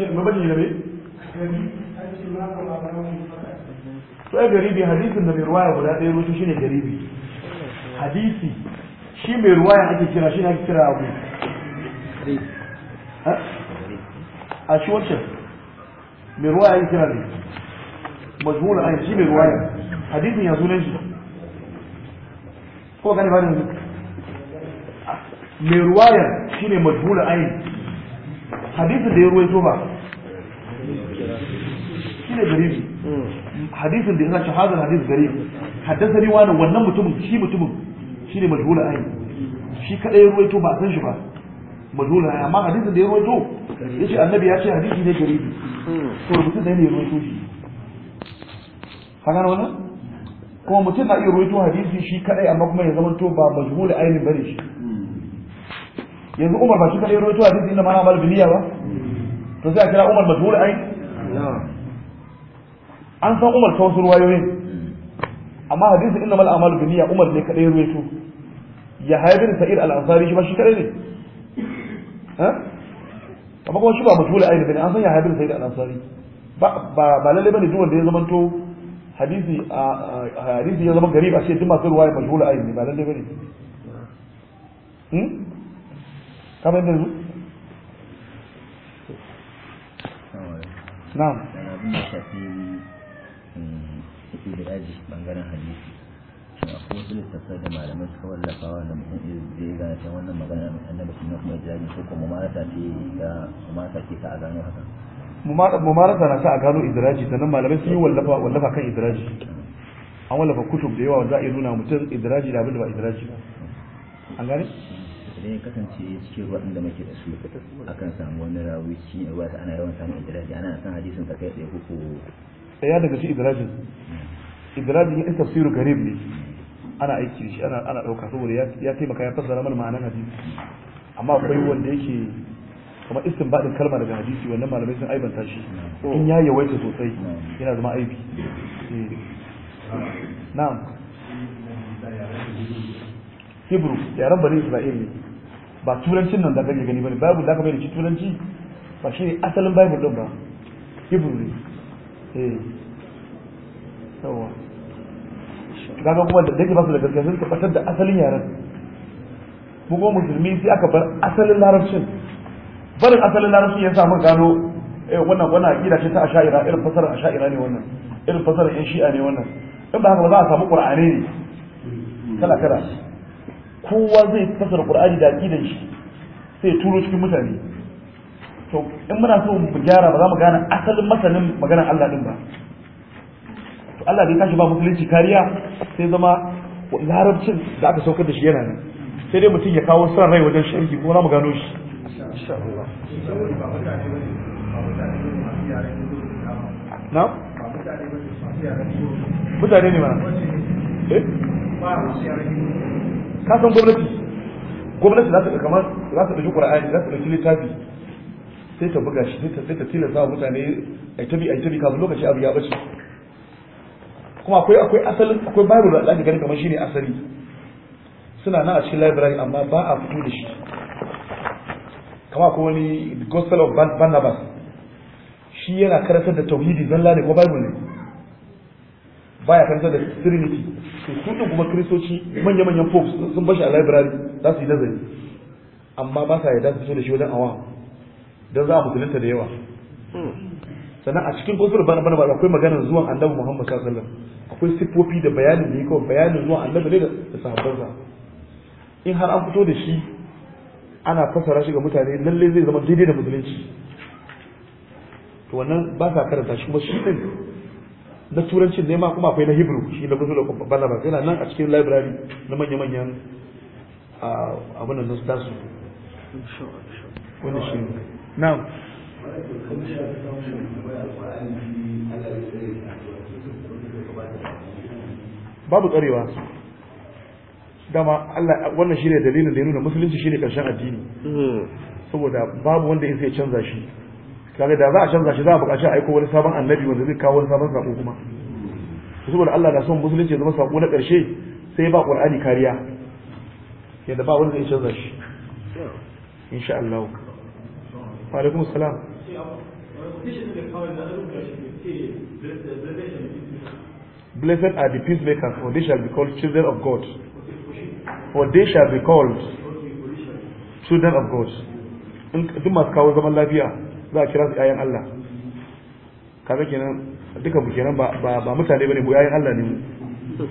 ما بدي غريب to ai garibi hadisin da mai ruwaya guda ɗaya rotu shine garibi hadisi shi mai ruwaya ake kira shi ne ake kira abu a shi wancan mai ruwaya ake kira ne majmula an shi mai ruwaya hadisin ya sunan shi ko gani ba da mai ruwaya shine majmula ayin hadisin da ya ruwaito ba shi ne garibi hmm. hadisin da yana shahadar hadis garibi haddasa ni wani wannan mutumin shi mutumin shi ne majhula ayi shi kadai ya ruwaito ba san shi ba majhula ayi amma hadisin da ya ruwaito ce annabi ya ce hadisi ne garibi hmm. to mutum da ne ya ruwaito shi ka gano wannan kuma mutum na iya ruwaito hadisi shi kadai amma kuma ya zama to ba majhula ayi ne bane shi yanzu umar ba shi kaɗai roto a cikin mana amal biliya ba to sai a kira umar majhul ai an san umar ta wasu ruwayoyin amma hadisin inna mal amal biliya umar ne kaɗai roto ya haibin sa'ir al-ansari shi ba shi kaɗai ne amma kuma shi ba majhul ai ne an san ya haibin sa'ir al-ansari ba ba lalle bane duk wanda ya zamanto hadisi hadisi ya zama gari ba ce duk masu ruwaya majhul ai ne ba lalle bane hmm? kamar da na'am idraji bangaren hadisi akwai wasu littattafai da malamai suka wallafa wanda mutum zai gane ta wannan magana annabi sunna kuma idraji ko kuma marasa ce ga marasa ce ta a gano haka Mu mumarasa na sa a gano idiraji sannan malamai sun yi wallafa wallafa kan idiraji an wallafa kutub da yawa za a yi nuna mutum idiraji da abin da ba idiraji ba an gane sai ya kasance cikin da muke da su akan samu wani rawi shi ne wata ana yawan samun idraji ana san hadisin ta kai tsaye ko ya daga shi idraji hmm. idraji ne tafsiru garib ne ana aiki da shi ana ana dauka saboda ya taimaka ya fassara mana ma'anar hadisi amma akwai wanda yake kamar istinbadin kalma daga hadisi wannan malamai sun aibanta shi hmm. in ya yawaita sosai hmm. yana zama aibi eh. na'am Hebrew yaren bani Isra'il ne ba turancin nan da kake gani bane babu da ka bai da shi turanci ba shi asalin bible din ba hebrew ne eh yawa kaga kuma da dake basu da gaskiya sun tabbatar da asalin yaren mu kuma musulmi sai aka bar asalin larabcin barin asalin larabcin ya samu gano eh wannan wannan akida ce ta asha'ira irin fasarar asha'ira ne wannan irin fasarar yan shi'a ne wannan in ba haka ba za a samu qur'ani ne kala kala kowa zai fasara qur'ani da aqidan shi sai turo cikin mutane to in muna so mu gyara ba za mu gane asalin masanin maganar Allah din ba to Allah bai tashi ba musulunci kariya sai zama larabcin da aka saukar da shi yana nan sai dai mutum ya kawo san rai wajen sharhi ko za mu gano shi na mutane ne ba eh ka san gwamnati gwamnati za ta ga kamar za ta ɗauki ƙura'ani za ta ɗauki littafi sai ta buga shi sai ta tilasta mutane a tabi a tabi kafin lokaci abu ya bace kuma akwai akwai asalin akwai bible da zaka gani kamar shine asali suna nan a cikin library amma ba a fito da shi kama ko wani gospel of barnabas shi yana karatar da tauhidi zalla ne ko bible ne baya karantar da trinity to su din kuma kristoci manya manyan popes sun bashi a library za su yi nazari amma ba sa yadda su fito da shi wajen awa don za a musulunta da yawa sannan a cikin kofar bana bana akwai maganar zuwan annabi Muhammad sallallahu alaihi wasallam akwai sifofi da bayani da yake bayanin zuwan annabi ne da sahabbansa in har an fito da shi ana fassara shi ga mutane lalle zai zama daidai da musulunci to wannan ba sa karanta shi kuma shi din na turancin ne ma kuma akwai na hebrew shi na gusul ba yana nan a cikin library na manya-manyan abunan nan tasu wani shi na babu tsarewa dama Allah wannan shi ne dalilin da ya nuna musulunci shi ne karshen addini hmm. saboda babu wanda ya sai canza shi kaga da za a canza shi za a buƙaci a aiko wani sabon annabi wanda zai kawo wani sabon sako kuma saboda Allah na son musulunci zama sako na ƙarshe sai ba Qur'ani kariya yadda ba wanda zai canza shi insha Allah wa alaikum salam Blessed are the peacemakers, for they shall be called children of God. For they shall be called children of God. Duk masu kawo zaman lafiya za a kira su ƴaƴan Allah kaga kenan duka bu kenan ba ba mutane bane mu ƴaƴan Allah ne mu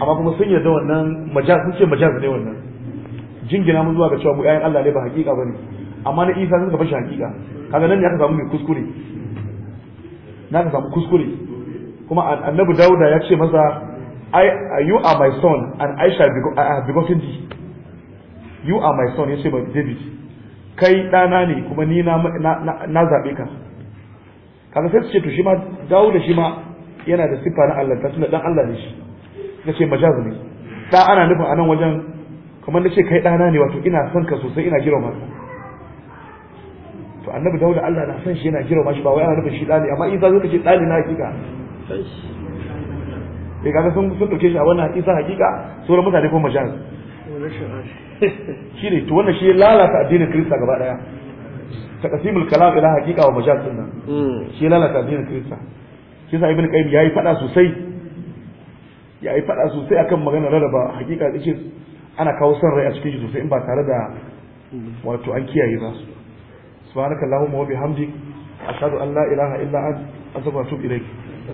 amma kuma sun yarda wannan majaz sun ce majaz ne wannan jingina mun zuwa ga cewa mu ƴaƴan Allah ne ba hakika bane amma na Isa sun ka fashi hakika kaga nan ne aka samu mai kuskure na ka samu kuskure kuma annabi dauda ya ce masa I, you are my son and I shall be, I have begotten thee. You are my son, ya ce ba David. kai ɗana ne kuma ni na na zaɓe ka kaga sai su ce to shi ma dawo da shi ma yana da siffa na Allah ta tuna dan Allah ne shi nace majaz ne da ana nufin anan wajen kamar nace kai ɗana ne wato ina son ka sosai ina girma ka to annabi dawo da Allah na son shi yana girma shi ba wai ana nufin shi ɗani amma in ka zo kace ɗani na hakika sai eh, kaga sun sun doke shi a wannan isa hakika sauran mutane ko majaz shi ne to wannan shi lalata addinin kirista gaba daya kasimul kalam ila haqiqa wa majaz din nan hmm. shi lalata addinin kirista shi sa ibn qayyim yayi fada sosai yayi fada sosai akan maganar rarraba haqiqa dace ana kawo son rai a cikin shi sosai in ba tare da wato an kiyaye ba subhanakallahumma wa bihamdik ashhadu an la ilaha illa anta astaghfiruka wa atubu ilayk